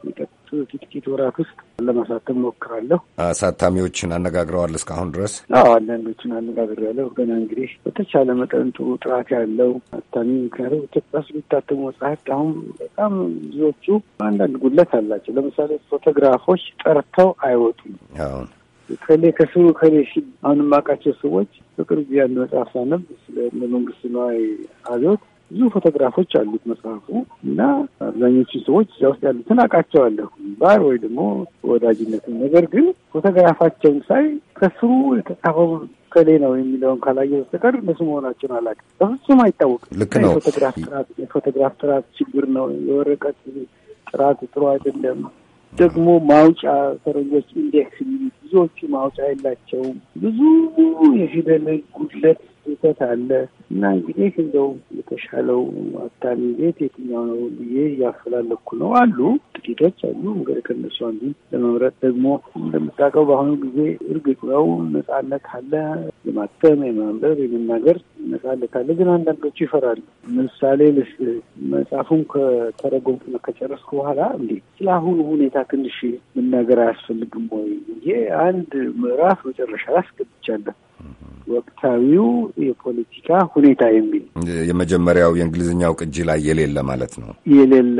ሚቀጥ ጥቂት ወራት ውስጥ ለማሳተም ሞክራለሁ። አሳታሚዎችን አነጋግረዋል እስካሁን ድረስ? አዎ አንዳንዶችን አነጋግሬያለሁ። ገና እንግዲህ በተቻለ መጠን ጥሩ ጥራት ያለው አሳታሚ ምክንያቱም ኢትዮጵያ ውስጥ የሚታተሙ መጽሐፍት አሁን በጣም ብዙዎቹ አንዳንድ ጉድለት አላቸው። ለምሳሌ ፎቶግራፎች ጠርተው አይወጡም። አሁን ከሌ ከስሩ ከሌ ሲል አሁን የማውቃቸው ሰዎች በቅርብ ጊዜ አንድ መጽሐፍ ሳነብ ስለ መንግስት ነዋይ አብዮት ብዙ ፎቶግራፎች አሉት መጽሐፉ እና አብዛኞቹ ሰዎች እዚያ ውስጥ ያሉትን አውቃቸዋለሁ ባር ወይ ደግሞ ወዳጅነት ነገር ግን ፎቶግራፋቸውን ሳይ ከስሩ የተጻፈው ከሌ ነው የሚለውን ካላየ በስተቀር እነሱ መሆናቸውን አላውቅም። በፍጹም አይታወቅም። ልክ ነው። የፎቶግራፍ ጥራት የፎቶግራፍ ጥራት ችግር ነው። የወረቀት ጥራት ጥሩ አይደለም። ደግሞ ማውጫ ፈረንጆች ኢንዴክስ ብዙዎቹ ማውጫ የላቸውም። ብዙ የፊደል ጉድለት ስህተት አለ እና እንግዲህ እንደው የተሻለው አታሚ ቤት የትኛው ነው ብዬ እያፈላለኩ ነው። አሉ ጥቂቶች አሉ። እንግዲህ ከነሱ አንዱ ለመምረጥ ደግሞ እንደምታውቀው በአሁኑ ጊዜ እርግጥ ነው ነጻነት አለ፣ የማተም የማንበብ የመናገር ነጻነት አለ። ግን አንዳንዶቹ ይፈራሉ። ምሳሌ ልስ መጽሐፉን ከተረጎምኩና ከጨረስኩ በኋላ እንዴ ስለ አሁኑ ሁኔታ ትንሽ መናገር አያስፈልግም ወይ? ይሄ አንድ ምዕራፍ መጨረሻ አስገብቻለሁ ወቅታዊው የፖለቲካ ሁኔታ የሚል የመጀመሪያው የእንግሊዝኛው ቅጂ ላይ የሌለ ማለት ነው። የሌለ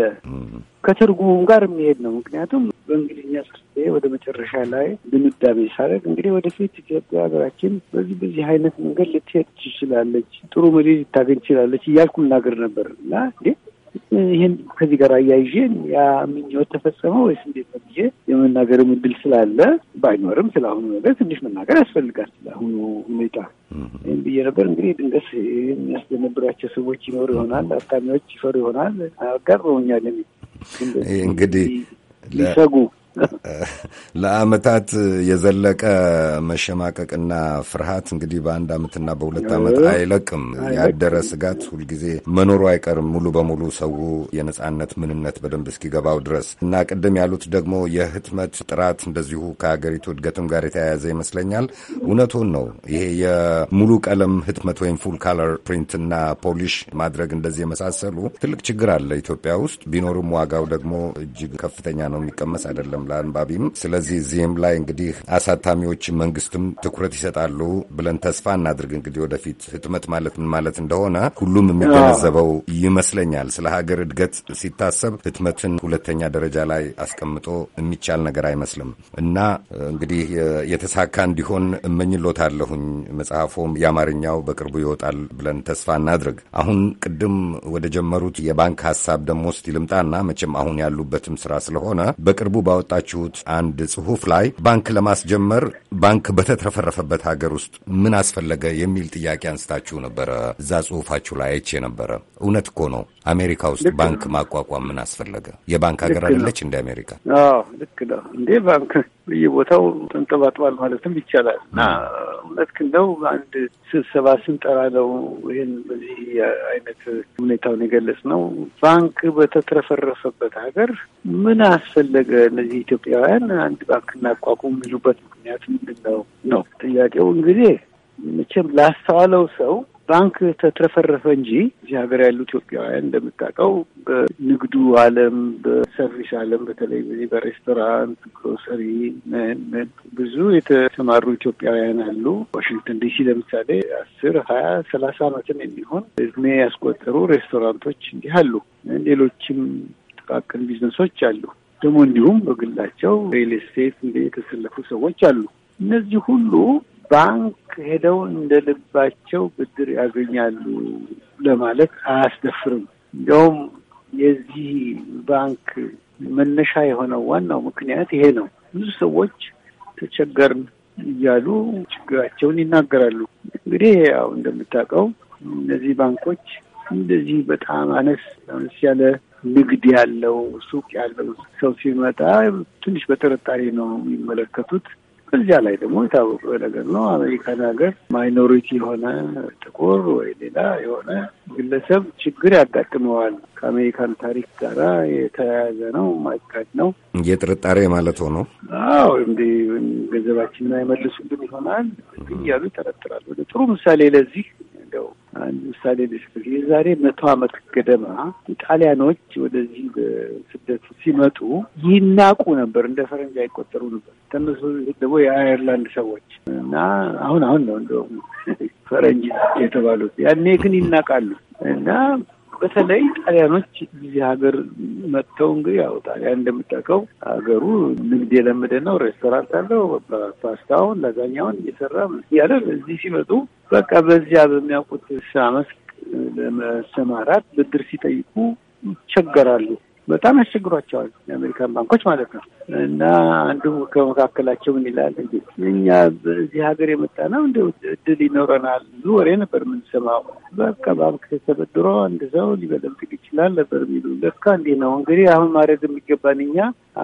ከትርጉሙም ጋር የሚሄድ ነው። ምክንያቱም በእንግሊዝኛ ስርቴ ወደ መጨረሻ ላይ ድምዳሜ ሳደርግ እንግዲህ ወደፊት ኢትዮጵያ ሀገራችን በዚህ በዚህ አይነት መንገድ ልትሄድ ትችላለች፣ ጥሩ መሬት ልታገኝ ትችላለች እያልኩ እናገር ነበር እና ይህን ከዚህ ጋር አያይዤ ያ ምኞት ተፈጸመ ወይስ እንዴት ነው ብዬ የመናገር እድል ስላለ ባይኖርም ስለአሁኑ ነገር ትንሽ መናገር ያስፈልጋል። ስለአሁኑ ሁኔታ ይህም ብዬ ነበር። እንግዲህ ድንገት የሚያስደነብራቸው ሰዎች ይኖሩ ይሆናል፣ አታሚዎች ይፈሩ ይሆናል። አጋጥመውኛል። እንግዲህ ሊሰጉ ለአመታት የዘለቀ መሸማቀቅና ፍርሃት እንግዲህ በአንድ አመትና በሁለት አመት አይለቅም። ያደረ ስጋት ሁልጊዜ መኖሩ አይቀርም ሙሉ በሙሉ ሰው የነጻነት ምንነት በደንብ እስኪገባው ድረስ እና ቅድም ያሉት ደግሞ የህትመት ጥራት እንደዚሁ ከሀገሪቱ እድገትም ጋር የተያያዘ ይመስለኛል። እውነቱን ነው። ይሄ የሙሉ ቀለም ህትመት ወይም ፉል ካለር ፕሪንትና ፖሊሽ ማድረግ እንደዚህ የመሳሰሉ ትልቅ ችግር አለ ኢትዮጵያ ውስጥ ቢኖርም ዋጋው ደግሞ እጅግ ከፍተኛ ነው፣ የሚቀመስ አይደለም ለአንባቢም። ስለዚህ እዚህም ላይ እንግዲህ አሳታሚዎች መንግስትም ትኩረት ይሰጣሉ ብለን ተስፋ እናድርግ። እንግዲህ ወደፊት ህትመት ማለት ምን ማለት እንደሆነ ሁሉም የሚገነዘበው ይመስለኛል። ስለ ሀገር እድገት ሲታሰብ ህትመትን ሁለተኛ ደረጃ ላይ አስቀምጦ የሚቻል ነገር አይመስልም እና እንግዲህ የተሳካ እንዲሆን እመኝሎታለሁኝ። መጽሐፎም የአማርኛው በቅርቡ ይወጣል ብለን ተስፋ እናድርግ። አሁን ቅድም ወደ ጀመሩት የባንክ ሀሳብ ደግሞ ስቲ ይልምጣና መቼም አሁን ያሉበትም ስራ ስለሆነ በቅርቡ ባወጣ ባወጣችሁት አንድ ጽሑፍ ላይ ባንክ ለማስጀመር ባንክ በተትረፈረፈበት ሀገር ውስጥ ምን አስፈለገ የሚል ጥያቄ አንስታችሁ ነበረ። እዛ ጽሑፋችሁ ላይ አይቼ ነበረ። እውነት እኮ ነው። አሜሪካ ውስጥ ባንክ ማቋቋም ምን አስፈለገ? የባንክ ሀገር አይደለች እንደ አሜሪካ። አዎ ልክ ነው እንዴ። ባንክ በየቦታው ተንጠባጥባል ማለትም ይቻላል። እና እውነት እንደው አንድ ስብሰባ ስንጠራ ነው ይህን በዚህ አይነት ሁኔታውን የገለጽ ነው። ባንክ በተትረፈረፈበት ሀገር ምን አስፈለገ? እነዚህ ኢትዮጵያውያን አንድ ባንክ እናቋቁም የሚሉበት ምክንያት ምንድን ነው ነው ጥያቄው። እንግዲህ መቼም ላስተዋለው ሰው ባንክ ተትረፈረፈ እንጂ እዚህ ሀገር ያሉ ኢትዮጵያውያን እንደምታውቀው በንግዱ ዓለም በሰርቪስ ዓለም በተለይ በዚህ በሬስቶራንት ግሮሰሪ፣ ምን ምን ብዙ የተሰማሩ ኢትዮጵያውያን አሉ። ዋሽንግተን ዲሲ ለምሳሌ አስር ሀያ ሰላሳ ዓመትን የሚሆን እድሜ ያስቆጠሩ ሬስቶራንቶች እንዲህ አሉ። ሌሎችም ጥቃቅን ቢዝነሶች አሉ። ደግሞ እንዲሁም በግላቸው ሪል ስቴት የተሰለፉ ሰዎች አሉ። እነዚህ ሁሉ ባንክ ሄደው እንደ ልባቸው ብድር ያገኛሉ ለማለት አያስደፍርም። እንዲውም የዚህ ባንክ መነሻ የሆነው ዋናው ምክንያት ይሄ ነው። ብዙ ሰዎች ተቸገርን እያሉ ችግራቸውን ይናገራሉ። እንግዲህ ያው እንደምታውቀው እነዚህ ባንኮች እንደዚህ በጣም አነስ አነስ ያለ ንግድ ያለው ሱቅ ያለው ሰው ሲመጣ ትንሽ በጥርጣሬ ነው የሚመለከቱት። እዚያ ላይ ደግሞ የታወቀ ነገር ነው። አሜሪካን ሀገር ማይኖሪቲ የሆነ ጥቁር ወይ ሌላ የሆነ ግለሰብ ችግር ያጋጥመዋል። ከአሜሪካን ታሪክ ጋር የተያያዘ ነው። ማይካድ ነው የጥርጣሬ ማለት ሆኖ አዎ፣ እንዲህ ገንዘባችንን አይመልሱብን ይሆናል እያሉ ይጠረጥራሉ። ጥሩ ምሳሌ ለዚህ እንደው አንድ ምሳሌ የዛሬ መቶ ዓመት ገደማ ኢጣሊያኖች ወደዚህ በስደት ሲመጡ ይናቁ ነበር፣ እንደ ፈረንጅ አይቆጠሩ ነበር። ተነሱ ደግሞ የአየርላንድ ሰዎች እና አሁን አሁን ነው እንደውም ፈረንጅ የተባሉት፣ ያኔ ግን ይናቃሉ እና በተለይ ጣሊያኖች እዚህ ሀገር መጥተው እንግዲህ ያው ጣሊያን እንደምታውቀው ሀገሩ ንግድ የለመደ ነው። ሬስቶራንት አለው። ፓስታውን፣ ለዛኛውን እየሰራ ያለ እዚህ ሲመጡ በቃ በዚያ በሚያውቁት ስራ መስክ ለመሰማራት ብድር ሲጠይቁ ይቸገራሉ። በጣም ያስቸግሯቸዋል የአሜሪካን ባንኮች ማለት ነው። እና አንዱ ከመካከላቸው ምን ይላል እ እኛ በዚህ ሀገር የመጣ ነው እንደ እድል ይኖረናል ብዙ ወሬ ነበር የምንሰማው። በቃ ባንክ ተበድሮ አንድ ሰው ሊበለምጥቅ ይችላል ነበር የሚሉ ለካ እንዲህ ነው እንግዲህ አሁን ማድረግ የሚገባን እኛ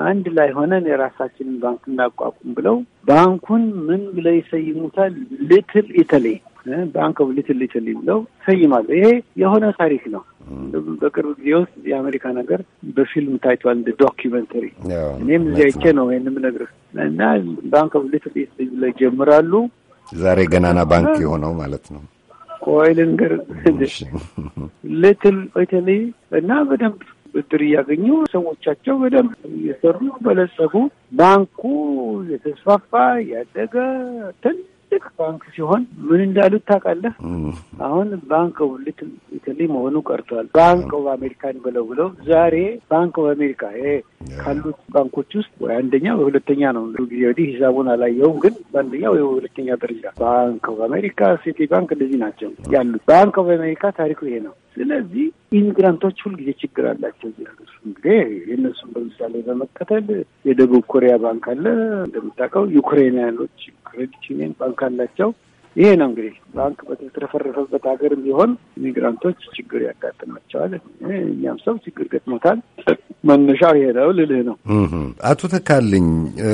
አንድ ላይ ሆነን የራሳችንን ባንክ እናቋቁም ብለው ባንኩን ምን ብለው ይሰይሙታል? ልትል ኢተሊ ባንክ ኦፍ ሊትል ሊትል ብለው ሰይማሉ። ይሄ የሆነ ታሪክ ነው። በቅርብ ጊዜ ውስጥ የአሜሪካ ነገር በፊልም ታይቷል፣ እንደ ዶኪመንተሪ። እኔም እዚያ አይቼ ነው ይህን የምነግርህ እና ባንክ ኦፍ ሊትል ሊትል ብለው ይጀምራሉ። ዛሬ ገናና ባንክ የሆነው ማለት ነው። ቆይ ልንገርህ፣ ልትል ኢትሊ እና በደንብ ብድር እያገኙ ሰዎቻቸው በደንብ እየሰሩ በለጸጉ። ባንኩ የተስፋፋ ያደገ ትን ትልቅ ባንክ ሲሆን ምን እንዳሉት ታውቃለህ? አሁን ባንክ ሁልት ኢታሊ መሆኑ ቀርቷል። ባንክ ኦፍ አሜሪካን ብለው ብለው ዛሬ ባንክ ኦፍ አሜሪካ ካሉት ባንኮች ውስጥ ወይ አንደኛ ወይ ሁለተኛ ነው። ብዙ ጊዜ ወዲህ ሂሳቡን አላየውም፣ ግን በአንደኛ ወይ ሁለተኛ ደረጃ ባንክ ኦፍ አሜሪካ፣ ሲቲ ባንክ እንደዚህ ናቸው ያሉት። ባንክ ኦፍ አሜሪካ ታሪኩ ይሄ ነው። ስለዚህ ኢሚግራንቶች ሁልጊዜ ችግር አላቸው እዚህ ሀገር። እንግዲህ የእነሱን በምሳሌ በመከተል የደቡብ ኮሪያ ባንክ አለ እንደምታውቀው። ዩክሬንያኖች ክሬዲት ዩኒየን ባንክ አላቸው። ይሄ ነው እንግዲህ ባንክ በተትረፈረፈበት ሀገር ቢሆን ሚግራንቶች ችግር ያጋጥማቸዋል። እኛም ሰው ችግር ገጥሞታል። መነሻው ይሄ ነው ልልህ ነው። አቶ ተካልኝ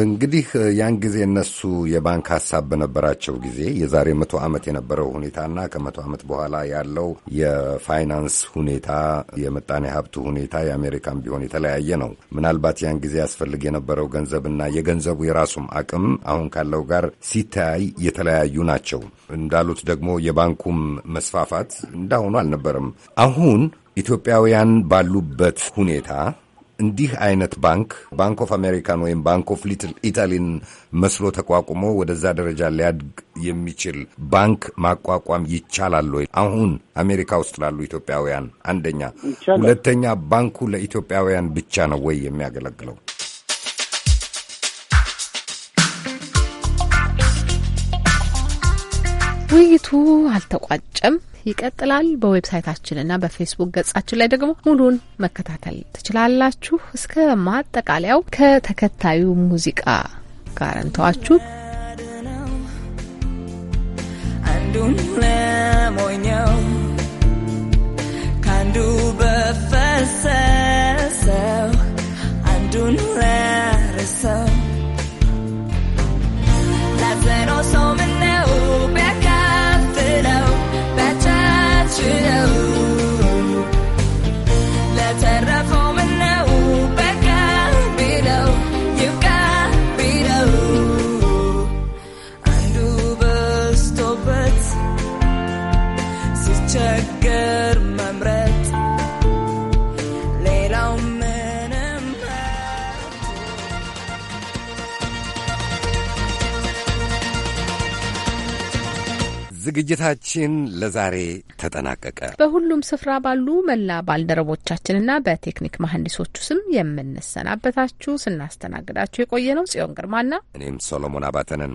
እንግዲህ ያን ጊዜ እነሱ የባንክ ሀሳብ በነበራቸው ጊዜ የዛሬ መቶ ዓመት የነበረው ሁኔታና ከመቶ ዓመት በኋላ ያለው የፋይናንስ ሁኔታ የምጣኔ ሀብቱ ሁኔታ የአሜሪካን ቢሆን የተለያየ ነው። ምናልባት ያን ጊዜ ያስፈልግ የነበረው ገንዘብና የገንዘቡ የራሱም አቅም አሁን ካለው ጋር ሲታይ የተለያዩ ናቸው። እንዳሉት ደግሞ የባንኩም መስፋፋት እንዳሁኑ አልነበረም። አሁን ኢትዮጵያውያን ባሉበት ሁኔታ እንዲህ አይነት ባንክ ባንክ ኦፍ አሜሪካን ወይም ባንክ ኦፍ ሊትል ኢታሊን መስሎ ተቋቁሞ ወደዛ ደረጃ ሊያድግ የሚችል ባንክ ማቋቋም ይቻላል ወይ? አሁን አሜሪካ ውስጥ ላሉ ኢትዮጵያውያን አንደኛ፣ ሁለተኛ ባንኩ ለኢትዮጵያውያን ብቻ ነው ወይ የሚያገለግለው? ውይይቱ አልተቋጨም፣ ይቀጥላል። በዌብሳይታችንና በፌስቡክ ገጻችን ላይ ደግሞ ሙሉን መከታተል ትችላላችሁ። እስከ ማጠቃለያው ከተከታዩ ሙዚቃ ጋር እንተዋችሁ። አንዱን ለሞኛው በፈሰ ዝግጅታችን ለዛሬ ተጠናቀቀ። በሁሉም ስፍራ ባሉ መላ ባልደረቦቻችንና በቴክኒክ መሐንዲሶቹ ስም የምንሰናበታችሁ ስናስተናግዳችሁ የቆየ ነው ጽዮን ግርማና እኔም ሶሎሞን አባተንን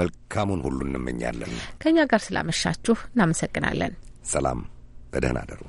መልካሙን ሁሉ እንመኛለን። ከእኛ ጋር ስላመሻችሁ እናመሰግናለን። ሰላም፣ በደህና አደሩ።